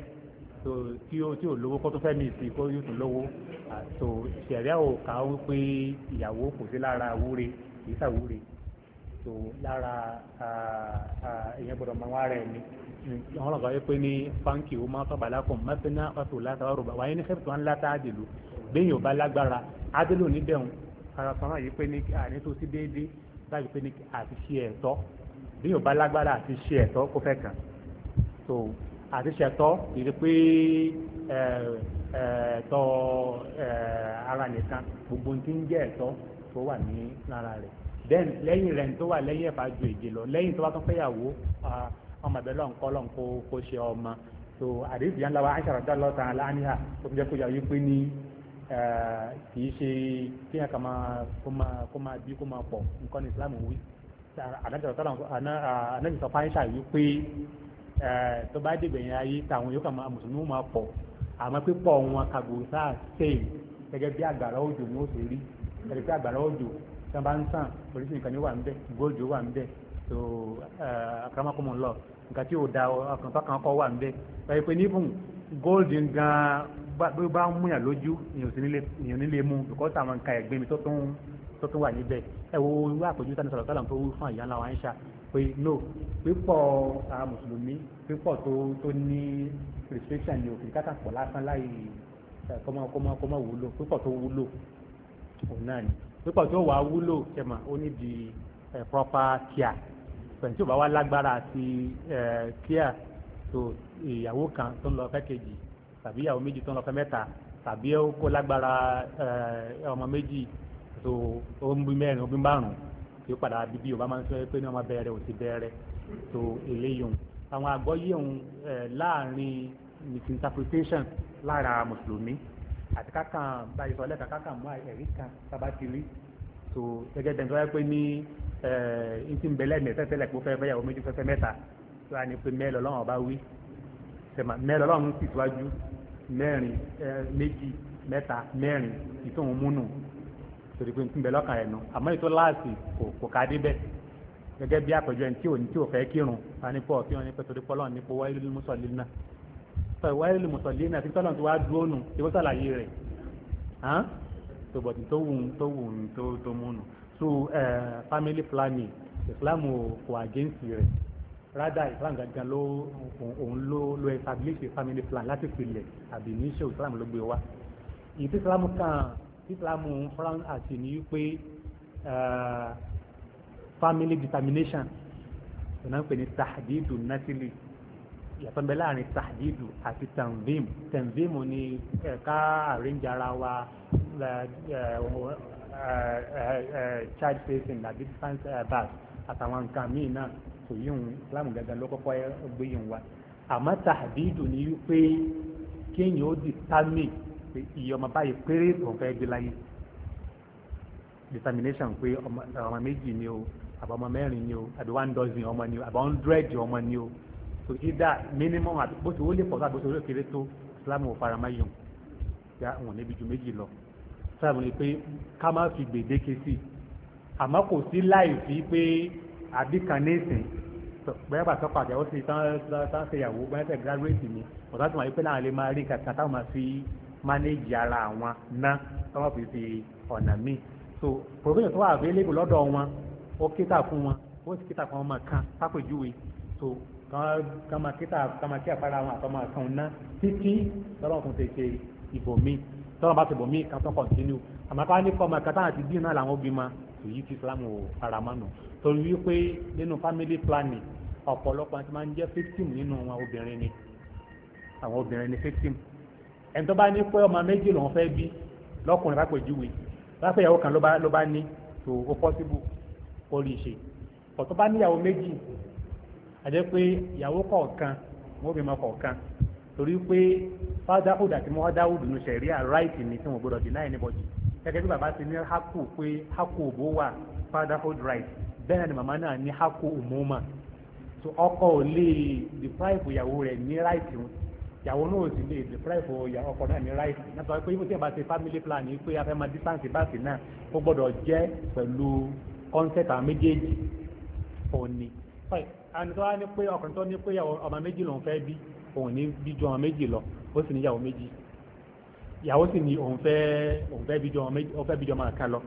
tó tí o tí o lówó kó tó fẹ́ mi sí kó yóò tún lówó tó ìṣẹ̀rí àwòká wípé ìyàwó kò sí lára wúre kì í sàwúre tó lára èèyàn gbọ́dọ̀ máa wá rẹ̀ ni àwọn ọ̀gá yẹn pé ní fáńkì ó máa tọ́ba lákùn mẹ́tẹ́nà pàtó látara rògbà wáyé ní kẹ́pìtàn ńláta àdèlú bẹ́yìn ò bá lágbára àdèlú níbẹ̀hùn ara kan náà yìí pé ní ànítòsí déédéé láti pé ní àti ṣe ẹ̀tọ́ bẹ́yìn ò bá lágbára àti ṣe ẹ̀tọ́ kó fẹ́ kàn tó àti ṣe ẹ̀tọ́ kì pé ẹ̀ẹ́dọ́ ara nìkan gbogbo ti ń jẹ́ ẹ̀tọ́ tó wà ní lára rẹ̀ then lẹ́yìn rẹ̀ tó wà lẹ́yìn ẹ̀fà ju èjì lọ lẹ́yìn tó bá tún fẹ́yàwó ọmọ ẹ̀bẹ̀ lọ́n kọ́ lọ́n kó kó ṣe ọmọ so àdéhùn yẹn lọ́wọ́ Aisha rọ̀dá lọ́ta aláníhà tó fi jẹ́ kó yàwó pé ní kì í ṣe kí yẹn kà máa kó máa bí kó máa pọ̀ nǹkan ní Islam wí ànábì sọ fáyíṣà yìí pé tó bá dìbẹ̀ yẹn ayé táwọn yóò kà máa mùsùlùmí máa pọ̀ àmọ́ pípọ̀ wọn kàgbó sáà gẹ́gẹ́ bí àgbàrá òjò ni ó ṣe rí ẹ̀rí pé àgbàrá òjò tí wọ́n bá ń sàn oríṣi nǹkan ní wà ń bẹ̀ góòjò wà ń bẹ̀ so akaramakomo lọ nǹkan tí ò da ọkàn tọkàn kọ wà ń bẹ̀ wáyé pé níbùn góòjì gan bí ó bá ń múyàn lójú èèyàn nílé mú bìkọ́sì àwọn nǹkan ẹ̀gbin mi tó tún tó tún wà níbẹ̀ ẹ wo irú àpèjú tani sọ̀rọ̀ sọ́là tó wú fún àyà ńlá wa ń ṣá pé no pípọ̀ àwọn mùsùlùmí pípọ̀ tó tó ní restriction ni òfin kátàpọ̀ lásán láì kọ́mọ kọ́mọ wúlò pípọ̀ tó wúlò òun náà ni pípọ̀ tí ó wàá wúlò kẹmà ó ní di proper care pẹ̀lú tí ó bá wá lágbára àti care tó ìyàwó kan tó ń lọ fẹ́ kejì tàbí ìyàwó méjì tó ń lọ fẹ́ mẹ́ta tàbí ó kó lágbára ọmọ méjì tó ó ń bí mẹ́rin ó bí márùn-ún tí ó padà bíbí ó máa ń sọ pé ní ọmọ bẹ̀rẹ̀ ò sí bẹ̀rẹ̀ tó eléyìí àwọn àgbọ́yé òun láàrin misinterpretation lára mùsùlùmí àti kákan báyìí sọ lẹ́ka kákan mú ẹ̀rí kan sábà ti rí tó gẹ́gẹ́ bẹ́ẹ̀ tó yẹ pé ní ẹ̀ẹ́n eh, tí ń bẹ lẹ́mìí fẹ́fẹ́ lẹ̀ kó fẹ́ fẹ́ yàwó méjì fẹ́fẹ́ mẹ́ta tó yà ní pé mẹ́lọ lọ́wọ́ bá wí sẹ̀mà mẹ́lọ lọ́wọ́ sì síwájú mẹ́rin eh, méjì mẹ́ta mẹ́rin ìtòhún múnù torí pé ń bẹ lọ́kàn ẹ̀ nù àmọ́ ètò láàsì kò kò ká dé bẹ́ẹ̀ gẹ́gẹ́ bí àpèjọ ẹni tí ò ní tí ò fẹ́ kírun wọn ní pọ̀ kí wọn ní pẹ́ torí pọ́lọ́ ní pọ́wọ́ ilé mùsọ̀lì náà sọ ìwáyé lè mùsọ̀lẹ́ ní àti tọ́nà tó wá dúró nù tí wọ́n sàlàyé rẹ̀ hàn tó bọ̀dì tó wù tó wù tó tó mú nù so family planning Islam kò àgẹ́ǹsì rẹ̀ rádà Islam gangan ló òun ló ló establish family plan láti pilẹ̀ àbí ní ṣe Islam ló gbé wa ìdí Islam kan Islam fran àti ní pé family determination ìnáwó pè ní tahdidu nasili ìyàtọ̀nbẹ láàrin tahdidu àti tanvim tanvim ni ẹ̀ka àríǹjẹ ara wa eh, eh, eh, child facing àbí different bags àtàwọn nǹkan míì náà kò yí òun islam gangan gbé yìí wa àmọ́ tahdidu ni wípé kéèyàn ó determine pé iye ọmọ báyìí péré tó ń fẹ́ gbé láyé determination pé ọmọ méjì ni o àbọ̀ ọmọ mẹ́rin ni o àbí one dozen ọmọ ni o àbọ̀ hundred ọmọ ni o. So sí dá minimum àti bó ti wó lè pọ̀ tó àti bó ti wó lè kéré tó islam ò fara máa yùn yá wọn níbi ju méjì lọ sáà mo ní pé ká má fi gbèdéke sí àmọ́ kò sí láì fi pé àbí kan ní ìsìn bóyá bàtọ́ pàdé ó ti tán tán ṣe ìyàwó bóyá ṣe gíráduwéètì ni ọ̀tá tó máa yí pé láwọn lè máa rí kàkà táwọn máa fi mánéjì ara àwọn ná táwọn fi fi ọ̀nà míì so provision tó wà available lọ́dọ̀ wọn ó kíta fún wọn ó sì kíta fún wọn máa kan pápẹ́júwe so kama kita, kama kí àpárá àwọn àtọ́mọ àtọ́n ná títí lọ́wọ́ tún ti ṣe ìbòmí tọ́wọ́ bá ti bòmí ká tún kọ̀ntínú àmọ́ ká ní fọmọ kátà àti dín náà làwọn obìnrin tó yí ti Islam ò faramánu torí wípé nínú family planning ọ̀pọ̀lọpọ̀ àti máa ń jẹ́ victim nínú àwọn obìnrin ni àwọn obìnrin ni victim ẹni tó bá ní pé ọmọ méjì lòun fẹ́ bí lọ́kùnrin bá pèjúwe lápẹ́ ìyàwó kan ló bá ní tó ó possible kó rí ṣe ọ̀tún bá níyàwó méjì àjẹ́ pé ìyàwó kọ̀ọ̀kan mọ́bìnrin kọ̀ọ̀kan torí pé fádáhùd àti mọ́dáhùd ní sẹ̀ríà ráìtì ni tí wọ́n gbọ́dọ̀ deny anybody gẹ́gẹ́ bí bàbá ti ní hákù pé hákù òbó wà fatherhood right bẹ́ẹ̀ ni màmá náà ní hákù òmùmá so ọkọ ò lè deprive ìyàwó rẹ̀ ní ráìtì wọn ìyàwó náà ò sì lè deprive ọkọ náà ní ráìtì nípa pé ibi tí ìbá ṣe family plan yìí pé afẹ́ máa distance báàsì náà ó gbọ́dọ̀ jẹ́ pẹ̀lú concept àwọn méjèèjì òní àni tó wá ní pé ọkùnrin tó ní pé ọmọ méjì lòun fẹ́ bí òun ní bí ju ọmọ méjì lọ ó sì níyàwó méjì ìyàwó sì ní òun fẹ́ òun fẹ́ bí ju ọmọ méjì òun fẹ́ bí ju ọmọ kan lọ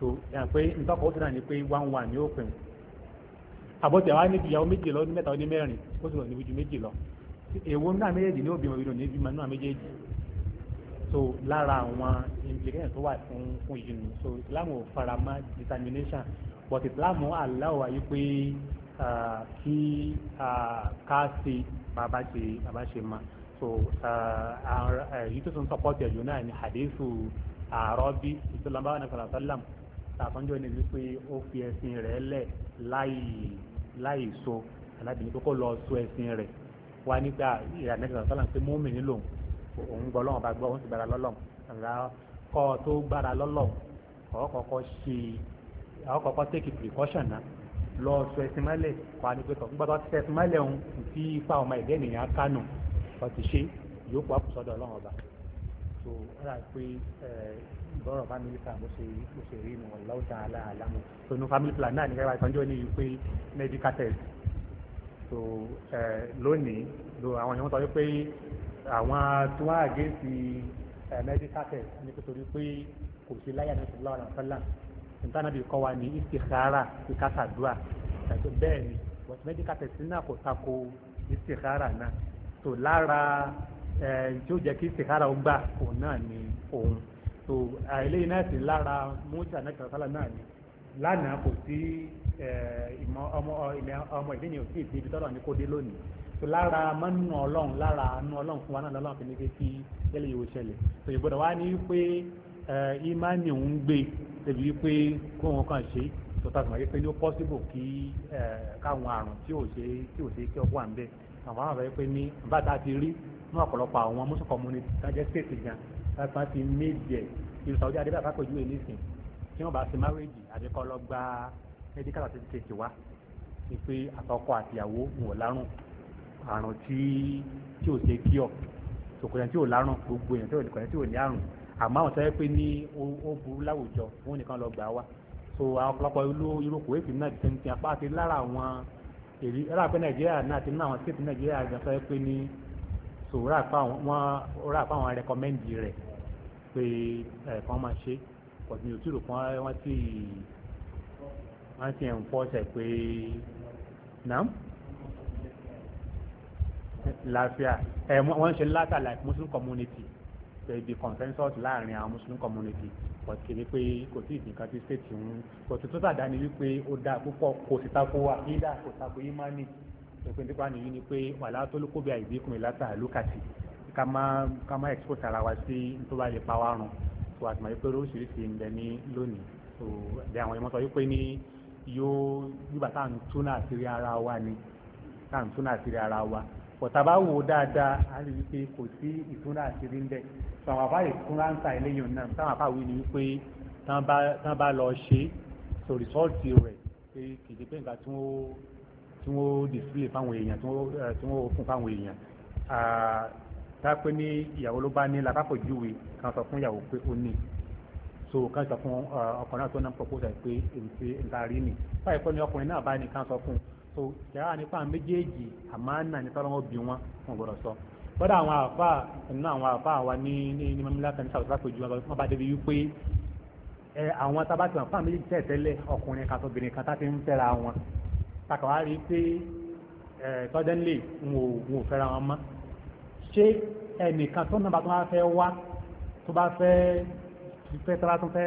tó yàn pé ntọ́kọ̀ ó ti rà ní pé one one ní òpin àbọ̀tẹ̀ wa ní ìyàwó méjì lọ ní mẹ́ta ó ní mẹ́rin ó sì lọ níbi ju méjì lọ èwo náà méjèèjì ní òbí ìròyìn níbi ìmọ̀ náà méjèèjì so lára àwọn implication tó wà fún fún yìí nù so Islam ò fara mọ́ determination but Islam aláwọ̀ ayé pé kí ká ṣe bàbá ṣe bàbá ṣe ma so èyí tó tún sọpọ́tì ẹ̀jọ̀ náà ni hadithu àrọ́bí ìtòlámbá wà ní sàlàsálàm tàfọ́njọ́ ni wípé ó fi ẹ̀sìn rẹ̀ lẹ̀ láì láì so alábìnrin tó kó lọ so ẹ̀sìn rẹ̀ wá nígbà ìrànlẹ́ sàlàsálàm pé mọ́mì nílò òun gbọ́ lọ́wọ́ bá gbọ́ òun sì gbára lọ́lọ́ kọ́ tó gbára lọ́lọ́ ọ̀ọ́ kọ́kọ́ ṣe ọ̀ọ́ kọ́kọ́ take precaution náà lọ sọ ẹsìn mọ́lẹ̀ kọ́ àdìgbẹ́tọ̀ nígbà tó ti sẹ́sìn mọ́lẹ̀ òun tí ipa ọmọ ẹ̀dẹ́ ènìyàn kánò ọtí ṣe yóò pa sọ́dọ̀ ọlọ́run ọba tó rà pé ìbọ̀rọ̀ family plan bó ṣe bó ṣe rí nu ọ̀lá ọ̀tá aláàlámù tó nu family plan náà nígbà wáyé sanjó ní wípé medical test tó lónìí lo àwọn èèyàn sọ wípé àwọn tó wá àgé sí medical test nítorí pé kò sí láyà ní ṣùgbọ́n àwọn àfẹ́lá nípa náà bí kọ́ wa ní istikhara ìkásàdúrà ṣàtò bẹ́ẹ̀ ni but medical testing náà kò tako istikhara náà tó lára tí ó jẹ́ kí istikhara ó gbà òun náà ni òun tó eléyìí náà sì lára mọ́tà náà kàkàlà náà ni lánàá kò sí ọmọ ni ò sí ìdíbi tọ́lọ̀ ní kó dé lónìí so lára mọ́nú ọlọ́run lára àánú ọlọ́run fún wa náà lọ́lọ́run fi ní pé kí tẹ́lẹ̀ yóò ṣẹlẹ̀ so ìgbọ́dọ̀ wá ní pé ìmánì ń gbé débi wípé kó wọn kàn ṣe sọta tó máa yẹ pé ní ó pọ́sibò kí káwọn àrùn tí ò ṣe tí ò ṣe kí ọkọ à ń bẹ àwọn àwọn àbẹ̀wẹ̀ pé ní bàtà ti rí ní ọ̀pọ̀lọpọ̀ àwọn mọ́sán community tajẹ́ state gan láti máa ti méjì ìlú Saudi Arabia fàkójú ẹ̀ nísìn tí wọ́n bá ṣe márèjì àdékọ́ lọ gba medical certificate wa ni pé àtọkọ àtìyàwó wò lárùn àrùn tí tí ò ṣe kí ọ tòkòyàn tí ò lárùn gbogbo èèyàn tí ò ní àrùn àmọ́ àwọn tẹ́lẹ̀ pé ní ó burú láwùjọ òun nìkan lọ gbà wá so àwọn ọ̀pọ̀lọpọ̀ ìlú yúróòpù èsì náà ti ti apá àti lára àwọn èrí lára pé nàìjíríà náà ti ní àwọn stéètì nàìjíríà gan sọ pé ní so rà pa wọn rà pa àwọn rẹkọmẹ́ndì rẹ̀ pé ẹ̀ẹ̀kan máa ṣe but mi ò tí rò pọ́n wọ́n ti wọ́n ti ẹ̀ǹfọ́sẹ̀ pé náà láàfíà ẹ̀ wọ́n ń ṣe látàlá muslim community ibi consensus láàrin àwọn muslim community but kì í pé kò sí ìdìkan tí state ń but tó tàdá ni wípé ó dáa púpọ̀ kò sí tako wa ìdá kò tako imani òpin nípa nìyí ni pé wàhálà tó ló kó bí àìdí kùnrin látà lókàtì ká má ká má expose ara wa sí tó bá lè pa wá run tó àtìmọ̀ yìí pé oríṣiríṣi ń bẹ ní lónìí tó ẹ̀dẹ̀ àwọn ìmọ̀tọ́ yìí pé ní yóò nígbà tá à ń túnà àṣírí ara wa ni tá à ń túnà àṣírí ara wa pọ̀tàbá wò dáadáa á rí i pé kò sí ìtúnà àṣírí ń bẹ àwọn àfáà ìkún ráńsà eléyìí náà táwọn àfáà wí ni wípé tán bá lọ ṣe so rìsọ́ọ̀tì rẹ̀ pé kìí pé nǹkan tí wọ́n tí wọ́n display fáwọn èèyàn tí wọ́n fún eh, fáwọn èèyàn dápé ní ìyàwó ló bá ní lápapọ̀ júwe kan sọ fún ìyàwó pé ó ní so kan sọ fún eh, ọkùnrin náà tó náà proposal pé èyí ti nǹkan rí ni báyìí pé ní ọkùnrin náà bá ní kan sọ fún so yàrá nípa méjèèjì àmọ́ náà ní tọ́lọ́wọ́ bí wọ́n wọ́n gbọ́dọ̀ sọ kọ́dà àwọn àfa ẹ̀nà àwọn àfa àwa ní ní mamilaka ní south africa jùlọ wọn bá débi wípé ẹ àwọn tabatì wọn fún àmì tẹ̀ tẹ́lẹ̀ ọkùnrin kan tó obìnrin kan tá ti ń fẹ́ra wọn takà wá rí i pé ẹ suddenly n ò n ò fẹ́ra wọn mọ́ ṣé ẹnìkan tó nàbà tó bá fẹ́ wá tó bá fẹ́ fẹ́ tó bá tún fẹ́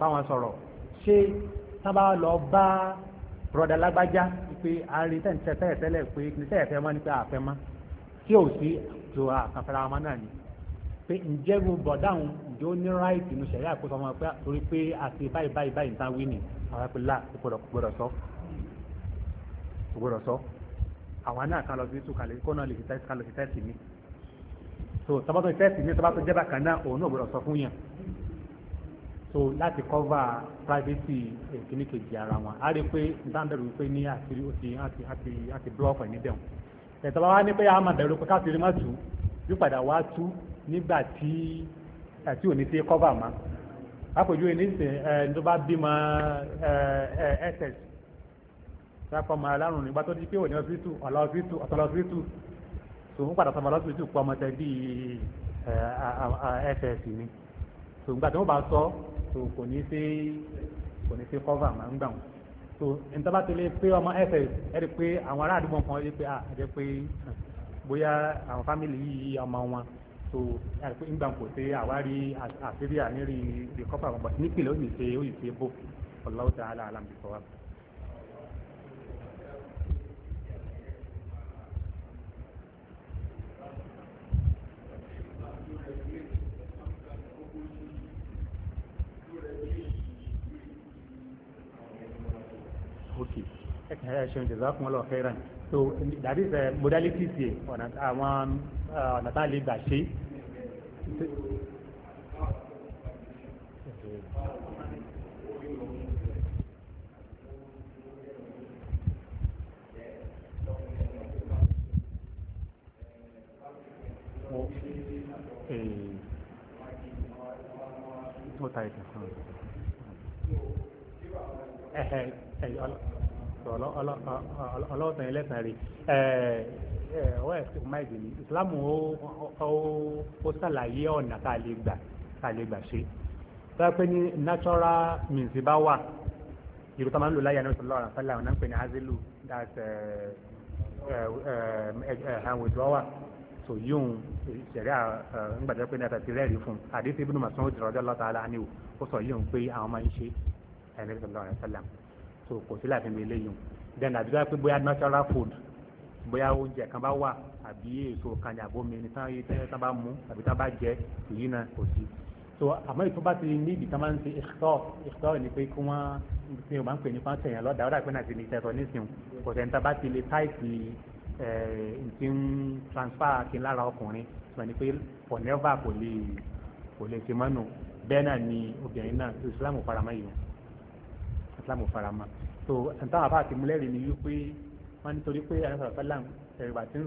bá wọn sọ̀rọ̀ ṣé tá lọ bá broda lágbájá pé a rí tẹ̀ pé kì mọ́ ní àfẹ́ mọ́ tí ò sí tó àkànfẹ́ra ọmọ náà ni pé ǹjẹ́ mo bọ̀ dáhùn ǹjẹ́ ó ní ráìtì inú sẹ̀rí àkóso ọmọ pé torí pé àti báyìí báyìí báyìí ń wí nì àwọn ẹgbẹ́ là kò gbọdọ̀ sọ àwọn náà kan lọ sí sùkàlẹ̀ kó náà lè fi tẹ́sí kan lọ sí tẹ́sí mi so tọ́bátọ́ tẹ́sí mi tọ́bátọ́ jẹ́ bákan náà òun náà gbọdọ̀ sọ fún yàn so láti cover privacy èkìníkejì eh, ara wọn á rí i pé dáńdọ̀rù wípé ní àti àti àti àti blọ́ọ̀kì níbẹ̀ wọn ẹ̀tọ́ba wá ní pé a máa bẹ̀rù pé káfíìrì má tú yóò padà wá tú nígbà tí àti òní sí kọ́fà má àpèjú ẹni sìn ẹ ní tó bá bímọ ẹ ẹsẹ̀ sáfọ́ máa lárùn nígbà tó di pé òní ọsítù ọ̀la ọsítù ọ̀tọ̀lá ọsítù tòun padà sọmọ lọ́sítù pọ̀ ọmọdé bíi ẹsẹ̀ sì ni tòun gbà tí wọ́n bá sọ tòun kò ní sí kò ní sí kọ́fà má ń gbà wọn so ntaba ti lè pé ọmọ ẹsẹ ẹni pé àwọn ará àdúgbò kan ẹni pé ẹni pé hm, bóyá àwọn fámìlì yìí ọmọ wọn so ẹni pé ngbà kò sí àwárí àṣírí àníri ìkọ́fà àgbọ̀n nípìnlẹ̀ ó sì ṣe ó sì ṣe bò ọlọ́wọ́ tí a là òkè ẹ̀ṣẹ̀un jazakumullahu khairan so that is uh, modalities yẹ àwọn eh, ọ̀nà tá a lè gbà ṣe. Ó eh, ta ìtàn fún mi ọlọ́sàn ẹlẹ́sàn rẹ̀ ọwọ́ ẹ̀sìn máìdì ni Islam ó ṣàlàyé ọ̀nà tá a lè gbà tá a lè gbà ṣe tó pé ní natural means bá wà ìlú tó máa ń lò láyé àná sallallahu alaihi wasallam náà ń pè ní azilu that hand withdrawal so yóò ṣẹ̀rí ńgbàdúrà pé ní àtàtì rẹ́ẹ̀rí fún un àdéhùn ibùdó màsán ó dìrọ̀ ọjọ́ lọ́ta alá ni ó sọ yóò pé àwọn máa ń ṣe àyẹ̀nẹ́bí sallallahu alaihi wasallam so kò sí láti mi eléyìí then àbí wáyé pé bóyá natural food bóyá oúnjẹ kan bá wà àbí èso kan ní àbómi ní tán yìí tán bá mú àbí tán bá jẹ èyí náà kò sí so àmọ́ ìtọ́ bá ti ní ibi tán máa ń ṣe ìṣọ́ ìṣọ́ ni pé kí wọ́n ṣe wọ́n máa ń pè ní fún àtẹ̀yìn lọ́dà ọ̀dà pé náà ti ní ìtẹ̀sọ̀ nísìnyìí kò sẹ́ńtà bá ti lè táìsì ti ń transfer kí lára ọkùnrin sọ ni pé for never kò lè kò lè ṣe mọ́nù bẹ́ẹ̀ náà ni obìnrin náà Islam faramọ́ yìí islam ò fara mọ́ so àtàwọn àbá àti múlẹ́rì ni wípé wọ́n nítorí pé àyànfà fẹ́lá ẹ̀rìbà tí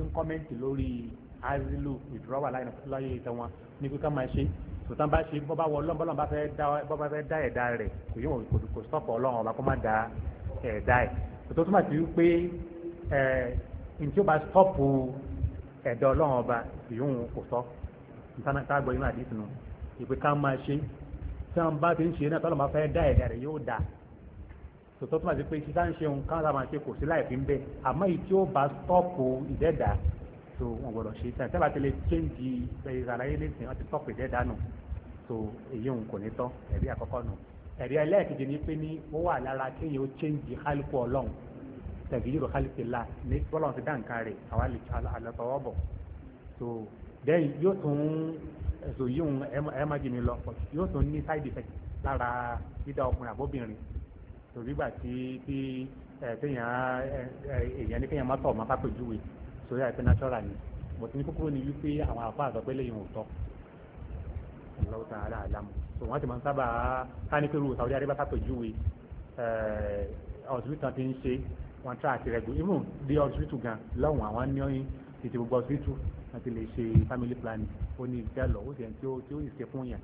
ń kọ́mẹ́ǹtì lórí azilu withdrawal láyé ìtàn wọn ní pé ká máa ṣe sòtán bá ṣe bọ́ bá wọ ọlọ́run bọ́lọ́run bá fẹ́ dá ẹ̀dá rẹ̀ kò yóò kò sọ́pọ̀ ọlọ́run ọba kó má da ẹ̀dá ẹ̀ tó túmọ̀ sí wípé ǹtí ó bá sọ́pù ẹ̀dá ọlọ́run ọba yóò kò sọ nítorí táwọn gbọ́ inú àdìsí nu ìpè ká máa ṣe tí wọn bá ti ń ṣe náà tọ́lọ̀ máa fẹ́ dá ẹ̀dá rẹ̀ yóò dá tòótọ́ tó máa ti pé ṣíṣá ń ṣeun káwọn sábà ń ṣe kò sí láìpẹ́ ń bẹ́ àmọ́ èyí tí ó bá tọ́pù ìdẹ́dà tó wọn gbọ́dọ̀ ṣe tán sábà ti lè chéǹjì ìsàlàyé lẹ́sìn wọn ti tọ́pù ìdẹ́dà nù tó èyí òun kò ní tọ́ ẹ̀rí àkọ́kọ́ nù ẹ̀rí ẹlẹ́ẹ̀kejì ni pé ní ó wà lára kéèyàn ó chéǹjì kálíkù ọlọ́run tàbí yìí rò kálíkù la ní bọ́lọ́run ti dá nǹkan rẹ̀ àwa àlọ́ ẹ̀sùn yíyún ẹ má jìnnì lọ yóò tún ní side effect lára dídá ọkùnrin àbóbìnrin torí gbà tí tí téèyàn èèyàn ní kéèyàn má tọ̀ ọ̀ma pápẹ́júwe sórí àìpé natural ni mo ti ní kúkúrú ni wípé àwọn àfa àgbàgbé lẹ́yìn òótọ́ ọlọ́wọ́ tàn án àlámù so wọ́n ti máa ń sábà ká ní pé rúù Saudi Arabia kan ti ń ṣe wọ́n tra àti rẹ̀gùn imú di ọ̀sibítù gan lọ́hùn àwọn ní títí gbogbo ọ̀sibítù láti lè ṣe family planning ó ní ìjà lọ ó sì ẹni tí ó sì ṣe fún yàn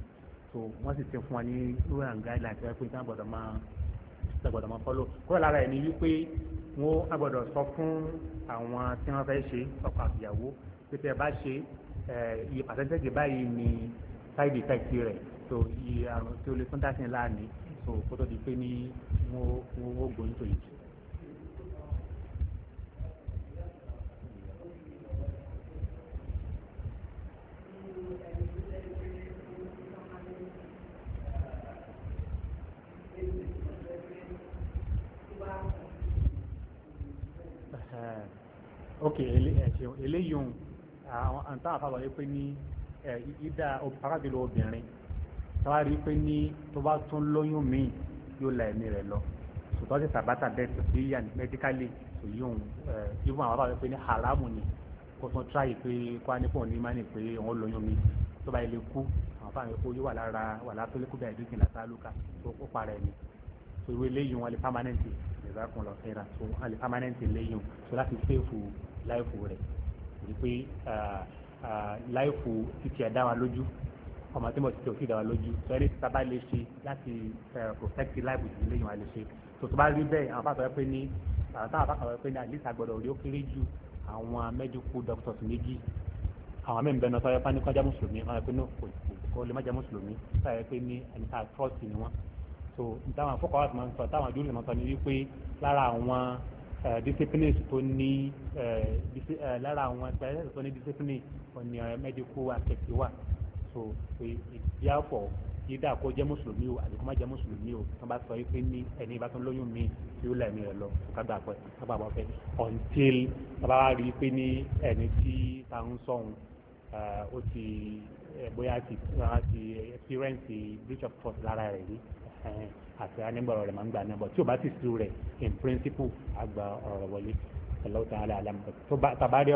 so wọ́n sì ti fún wa ní rural and guidelines wọ́n pín tí wọ́n gbọ́dọ̀ máa wọ́n gbọ́dọ̀ máa follow kúrò lára ẹ̀ ní wípé wọ́n gbọ́dọ̀ sọ fún àwọn tí wọ́n fẹ́ ṣe ọkọ àbíyàwó pé tẹ́ ẹ bá ṣe iye percentage báyìí ni side effect rẹ̀ so iye àrùn tí o lè fún dásìn láàánú so kó di pé ní wọ́n gbóyún tó yìí. ok ẹ̀ṣẹ̀ eléyìí ohun àwọn àǹtá àfàlọ́ yẹ pé ní ìdá arábìnrin obìnrin tọ́wárí pé ní tó bá tún lóyún míì yóò la ẹ̀mí rẹ̀ lọ sòtọ́ sí sàbátà bẹ́ẹ̀ tó sí yà ní mẹ́díkálì tó yí ohun ìwọ̀n àwọn àbáwọ̀ pé ní haramu ni kó tún tíráyì pé kó á nípò ní mánì pé òun lóyún míì tó bá ilé kú àwọn fáwọn ẹ̀kọ́ yóò wà lára wà látọ́lẹ́kùbẹ̀ àdúgbò ìlàsálùkà tó kópa rẹ̀ ni ìwé eléyìí wọn lè pámánẹ́ǹtì jazakumullah khairan so a lè permanent lẹ́yìn so láti sèfù láìfù rẹ̀ rí pé láìfù títí ẹ̀ dá wa lójú ọmọ tí mo ti tẹ̀ òsì dá wa lójú so ẹni tí tábà lè ṣe láti protect láìfù títí lẹ́yìn wa lè ṣe so tó bá rí bẹ́ẹ̀ àwọn afáfẹ́ pé ní àwọn afáfẹ́ pé ní àdìsá gbọ́dọ̀ rí ó kéré ju àwọn medical doctors méjì àwọn mẹ́rin bẹ́ẹ̀ náà sọ pé ní kọjá mùsùlùmí wọn pé ní kò lè má jẹ́ mùsùlùmí sọ pé ní ẹni tá a trust ni wọ́n so táwọn àfọkọ wa ti máa ń sọ táwọn àdúrà máa ń sọ ni wípé lára àwọn disciplines tó ní lára àwọn specialists tó ní discipline òní medical aspect wà so ìdíyàpọ̀ yídà kó jẹ́ mùsùlùmí o àbí kó má jẹ́ mùsùlùmí o wọ́n bá sọ wípé ní ẹni bá tó ń lóyún mi tí ó lẹ́mí rẹ̀ lọ kágbà pẹ́ kágbà bọ́ fẹ́ until bàbá wa rí i pé ní ẹni tí ta ń sọ̀hún ó ti bóyá ti experience breach of trust lára rẹ̀ rí àti anígbà ọ̀rọ̀ rẹ̀ máa ń gbà náà bọ̀ tí o bá ti sùn rẹ̀ in principle àgbà ọ̀rọ̀ wọlé ẹ̀lọ́ tàn án àlàmù tó bá tàbárí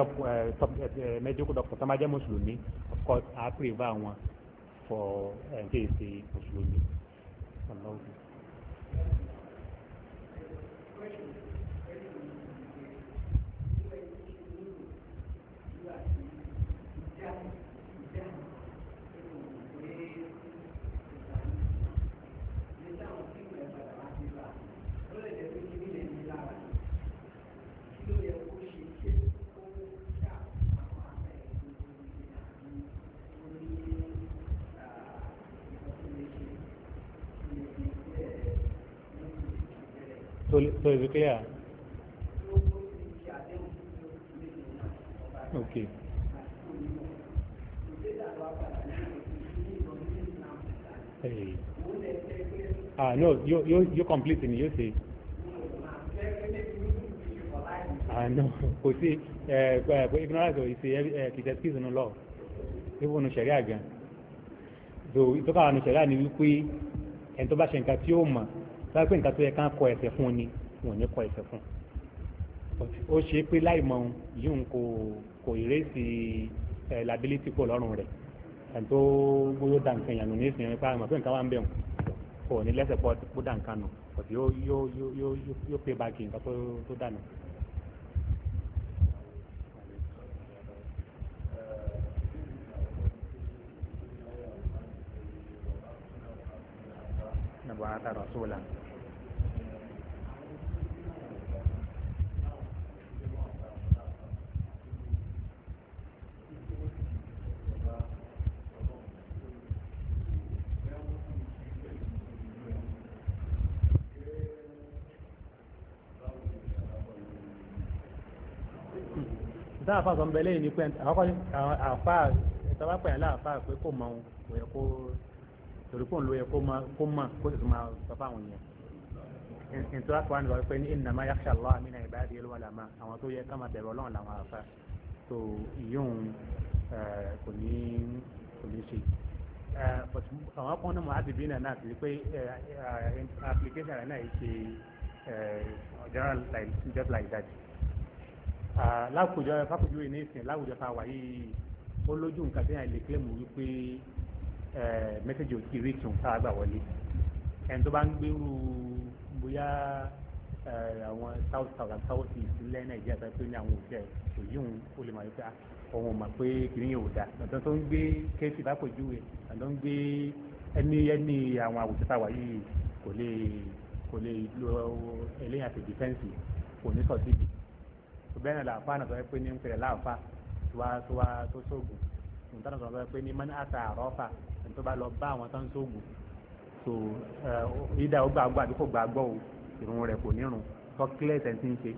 medical doctor tó máa jẹ́ mùsùlùmí of course á pèrèvà wọn for ẹ̀ ń kéèsì mùsùlùmí. so is it clear okay hey. ah no you you you complete ni yóò ṣe ah no kò sí ẹ eh, ẹ eh, ignorance ìṣe ẹ kìtẹ skills nù lọ ìwọ nù sẹrí àgàn so ìtọ́ka nù sẹrí àní wípé ẹni tó bá ṣe nǹkan tí ó mọ̀ lápẹ́ nǹkan tó yẹ ká kọ ẹsẹ̀ fún ni wọn ò ní kọ ẹsẹ̀ fún ó ṣe é pé láì mọ yìí ń kò kò ìrèsì ẹ lability kò lọ́rùn rẹ̀ ẹni tó gbóyò dà nǹkan yànnù ní ìsìn nípa àmọ́ pé nǹkan wà ń bẹ̀ wọn kò ní lẹ́sẹ̀ pọ̀ kó dà nǹkan nù kò sí yóò yóò yóò yóò pé báàgì nǹkan tó dà nù. بعث رسولا àfa sọ ń bẹ lẹ́yìn ní pé àkọ́kọ́ àfa ìtawá pẹ̀lú aláàfáà pé kò mọ òun kò yẹ kó torí kò ń lo yẹ kó mọ kó mọ kó sì tún máa sọ fáwọn yẹn ìtura kò wá nípa pé ní innama yakhsha Allah min ibadihil ulama àwọn tó yẹ ká máa bẹ̀rù ọlọ́run làwọn àfa tó ìyóhun eh, kò ní kò ní ṣe eh, àwọn kan náà mọ̀hábìbí náà náà pé eh, application rẹ̀ náà yìí ṣe general like just like that lákòjọ fákòjọ yìí ní ìsìn láwùjọ tá a wà yìí ó lójú nǹkan tí yẹn lè claim wípé mẹ́sẹ̀gì ò ti rí tún tá a gbà wọlé ẹni tó bá ń gbèrú bóyá àwọn south south and south east ilẹ̀ nàìjíríà tó pé ní àwọn òṣìṣẹ́ òyì òun ó lè máa yọ pé òun ò mọ̀ pé kìnìún yóò dá dandan tó ń gbé kéèsì lápòjú rẹ̀ dandan ń gbé ẹni ẹni àwọn àwùjọ tá a wà yìí kò lè kò lè lo ẹlẹ́yìn àti bẹ́ẹ̀ náà làáfà náà sọ pé ní nkiri làáfà tiwa tiwa tó sóògùn nǹkan náà sọ pé ní mọ́ni àtà àrọ́fà tó bá lọ bá àwọn tó ń sóògùn so ìdá ó gbàgbọ́ àbí kò gbàgbọ́ o ìrùn rẹ̀ kò nírun tó kílẹ̀ tẹ̀ ń ti ń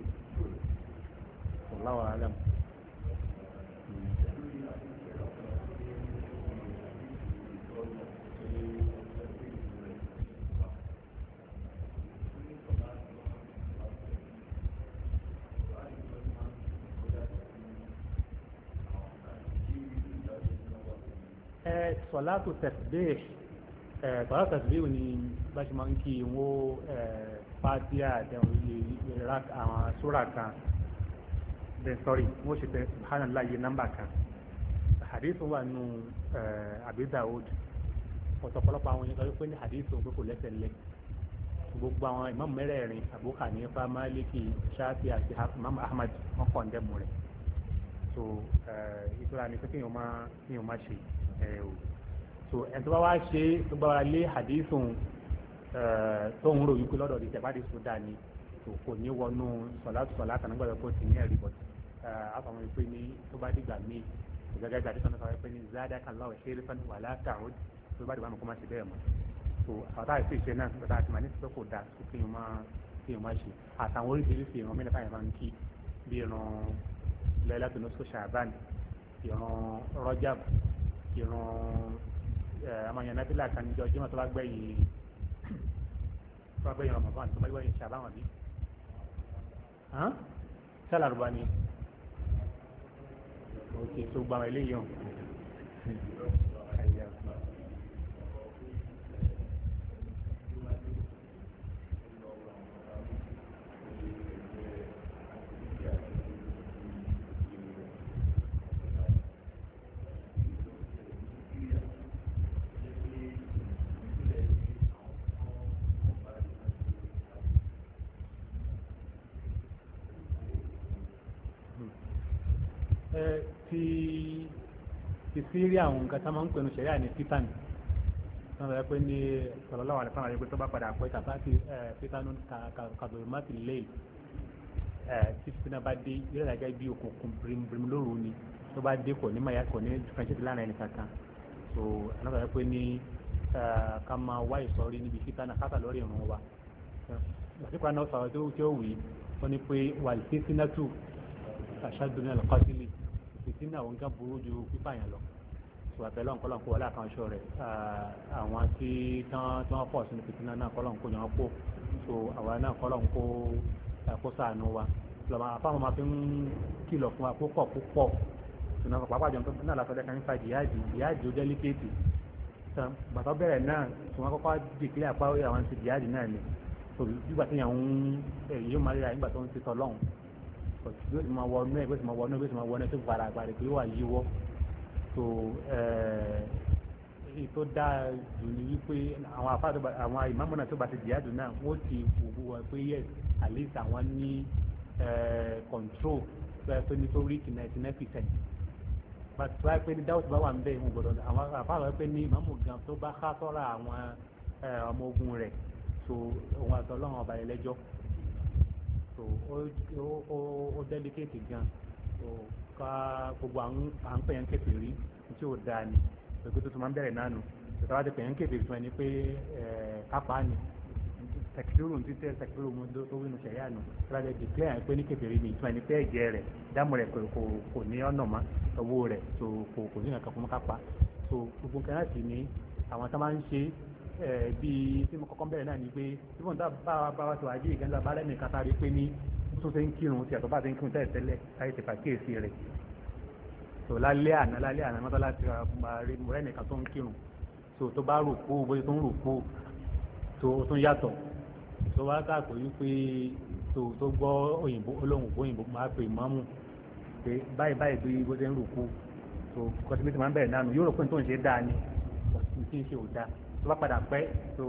sọ̀látò tẹ̀síbẹ̀ sọ̀látò tẹ̀síbẹ̀ ni bá ṣe máa ń kí ìwọ fàdíà àdẹ̀hùn ilé àwọn sóra kan then sorry wọ́n ṣe tẹ subhanallah yẹ nọ́mbà kan hadithu wà nù Abi Daud ọ̀tọ̀pọ̀lọpọ̀ àwọn yẹn sọ wípé ní hadithu pé kò lẹ́sẹ̀ lẹ́ gbogbo àwọn imam mẹ́rẹ̀ẹ̀rin Abu Hanifa Maliki Shafi àti imam Ahmad wọn kọ̀ ń dẹ́mu rẹ̀ so ìtura ni pé kí ni o máa ṣe ẹ̀rù so ẹni tó bá wá ṣe tó bá wá lé àdéhùn eh, tó ń rò wípé lọ́dọ̀ ìjẹ̀bá ti so dáa ni tó kò ní wọnú sọ̀lá kanágbàdọ̀ kó ti ní ẹ̀rí bọ̀ àfàwọn eh, wípé ní tó bá dìgbà míì gẹ́gẹ́ bí àdéhùn náà wípé ní zádà kan láwọ̀ ṣe é rí fẹ́ni wàhálà tààrùn tó bá dìgbà mọ̀ kó má ṣe bẹ́ẹ̀ mọ́ so àwọn táyà sì ṣe náà bàtà àti màní tó kò dáa tó kéèyàn máa kéèyàn máa ṣe àtàwọn oríṣiríṣi ìran mẹ́ta yẹn máa ń kí bí ìran ìrun amáyan nábìlà kan níjọ jimá tó bá gbẹ̀yìn tó bá gbẹ̀yìn ọmọbọ̀n tó bá gbẹ̀yìn ṣàbáwọn bí sálàrúbá ni òkè tó gbàmọ̀ eléyìí hàn. sírí àwọn nǹkan tá máa ń pẹnu ṣẹ̀yà ní pítánì wọ́n sọ pé ní sọ̀rọ̀lọ́wọ́ àlẹ́ fáwọn àyẹ̀pẹ́ tó bá padà pẹ́ tàbí pítánù kàdùrùmátì lẹ́yìn tí fúnà bá dé yóò dàgẹ́ bí òkùnkùn bìrìmù lóru ni tó bá dé kò ní màyà kò ní differentiate láàrin ẹnì kankan so àwọn sọ pé ní ká máa wá ìsọ̀rí níbi pítánà káta lórí ìrún wa àtìkọ́ àná sọ̀rọ̀ tó tó wì í wọ́n ní pé wàlífẹ́ sínátù àṣàdùnú àlọ́kọ́sílì ìfìtínà òun ká burú ju pípààyàn lọ sọ abẹ́lẹ́ ọ̀nkọ́lọ̀ kó wọlé àkànṣọ rẹ̀ àwọn tí wọ́n pọ̀ sínú fìtínà náà kọ́lọ̀ kó yàn kó so àwa náà kọ́lọ̀ kó kó sàánú wa lọ́mọ afáwọn máa fi ń kìlọ̀ fún wa púpọ̀ púpọ̀ ìṣúná pàápàá jọ náà lásán lẹ́ka nípa jihadi jihadi ó jẹ́ líkéètì tán bàtà bẹ̀rẹ̀ náà tí wọ́n kọ́kọ́ dìkílẹ̀ apá àwọn ti jihadi náà ni so nígbà tí yàn ń yóò máa ríra nígbà tó ń ti tọ́ lọ́hùn yóò sì máa wọ inú ẹ̀ yóò sì máa wọ inú ẹ̀ yóò sì máa wọ inú ẹ̀ tó gbàrà gbàrà pé ó wà yíwọ́ so èyí tó dáa jù ní wípé àwọn afáàdùbà àwọn ìmáàmù tó bá ti jìyàdù náà wọ́n ti wò wọ́n pé yes at least àwọn ní control tó yẹ pé nítorí ti ninety nine percent but tó yẹ pé ní dáwọ́tì bá wà ń bẹ̀ ń gbọ́dọ̀ àwọn afáàdùbà pé ní ìmáàmù gan tó bá ká tọ́ra àwọn ọmọ ogun rẹ̀ so òun àti ọlọ́run ọba ẹlẹ́jọ́ so ó ó ó dẹ́líkéètì gan so ká gbogbo à ń pè yẹn kékeré tí ò dáa ni pẹ̀lú tuntun máa ń bẹ̀rẹ̀ náà nù ti pè yẹn kékeré fún ẹni pé kápá ni tẹkidoro ti tẹ tẹkidoro mu tó wínú sẹyà nù tíwájú ẹbí pé àyàn pé ní kékeré mi ìtumọ̀ ẹni pé ẹ̀jẹ̀ rẹ̀ dáàmú rẹ̀ kò ní ọ̀nà mọ́ owó rẹ̀ tó kò kò ní nǹkan fún kápá tó gbogbo nǹkan láti ní àwọn tá máa ń ṣe bíi tí mo kọ́kọ́ bẹ̀rẹ̀ náà ni pé tí wọ́n bá tó ṣe ń kírun tí àtọ́bá ti ń kírun tẹ́lẹ̀ tẹ́lẹ̀ láyé ti pàkíyèsí rẹ̀ tó lálẹ́ àná lálẹ́ àná mọ́tọ́ láti rí mọ́rẹ́ nìkan tó ń kírun tó tó bá rò pó bóyá tó ń rò pó tó tó ń yàtọ̀ tó wá káàkó yí pé tó tó gbọ́ òyìnbó olóhùn òyìnbó máa pè mọ́mù pé báyìí báyìí bí bó ṣe ń rò pó tó kọ́sibítì máa ń bẹ̀rẹ̀ náà yóò rò pé tó ń ṣe dáa ni kò tó bá padà pẹ́ tó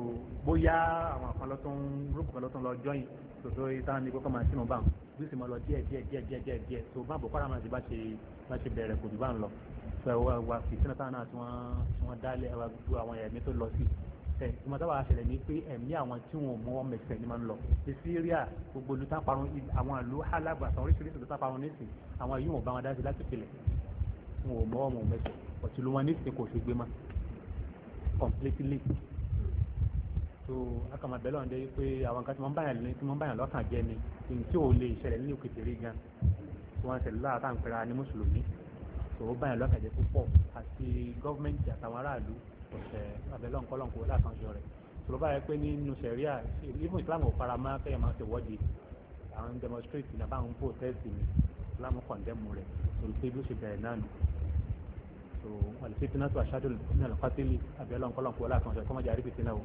bóyá àwọn àpalọ́ tó ń rúkú pẹ̀lú tó ń lọ jọ́yìn tó tó yẹ sáà ní kókó máa sínú bá wọn bí ó sì máa lọ díẹ̀ díẹ̀ díẹ̀ díẹ̀ díẹ̀ díẹ̀ tó bá bò kọ́ra máa ti bá ṣe bá ṣe bẹ̀rẹ̀ kò jù bá ń lọ tó ẹ wá fi sínú táwọn náà tí wọ́n tí wọ́n dálé ẹ wá gbogbo àwọn ẹ̀mí tó lọ sí ẹ ìmọ̀ táwọn aṣẹlẹ̀ ni pé ẹ̀mí àwọn tí wọn ò mọ ọmọ ẹ̀sẹ̀ ni máa ń lọ ní Syria gbogbo ìlú táparun àwọn ìlú alágbà àtàwọn oríṣiríṣi ìlú táparun nísìn àwọn yìí wọn bá wọn dá sí láti pilẹ̀ wọn ò mọ ọmọ ọmọ ẹ̀sẹ̀ ọ̀tí ló wọn nísìn kò ṣe gbé máa completely so akama bẹ́ẹ̀ lọ́nà dé pé àwọn nǹkan tí wọ́n ń báyàn lé tí wọ́n ń báyàn lọ́kàn jẹ́ ni ní tí ò lè ṣẹlẹ̀ nínú kìtìrí gan tí wọ́n ń ṣẹlẹ̀ láàtà ń pera ní mùsùlùmí tó ó báyàn lọ́kàn jẹ́ púpọ̀ àti gọ́ọ̀mẹ̀ntì àtàwọn aráàlú ọ̀sẹ̀ abẹ́lọ́nkọ́lọ́nkọ́ láàkànṣe rẹ̀ tó bá yẹ pé nínú sẹ̀ríà even Islam ò fara mọ́ kẹ́yìn máa ṣe wọ́de àwọn demonstrate ní abáwọn protest ní Islam condemn rẹ̀ torí pé bí ó ṣe bẹ̀rẹ̀ náà so alifitna tó aṣáájú nínú alùpàtìlì abẹ́lẹ́ ọ̀nkọ́lọ́nkọ́ wọlé àkànṣe kọ́mọ̀jà àrí fìtínà o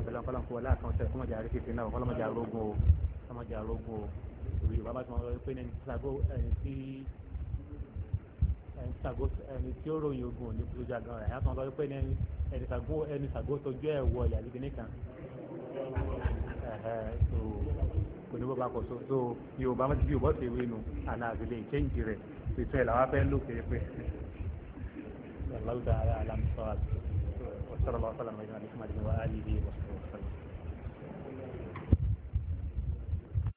abẹ́lẹ́ ọ̀nkọ́lọ́nkọ́ wọlé àkànṣe kọ́mọ̀jà àrí fìtínà o kọ́lọ́mọ̀jà arógun o kọ́mọ̀jà arógun o òbí yorùbá bá ti mọ pé ẹni tí sago ẹni tí ẹni sago ẹni tí ó ròyìn ogun òní kúrò jà gan rẹ̀ ẹ̀yà tó ń lọ pé ẹni sago ẹni sago tọjú ẹ̀ wọ ìyàlí kìíní kan kò ní bó bá so so yorùbá bá ti bí yorùbá ti wé nu àná àbílẹ̀ ìkéǹjì rẹ̀ ètò ẹ̀ làwọn afẹ́ ń lò kéèpé. والموضع على مستوى وصلى الله وسلم على محمد وآله وصحبه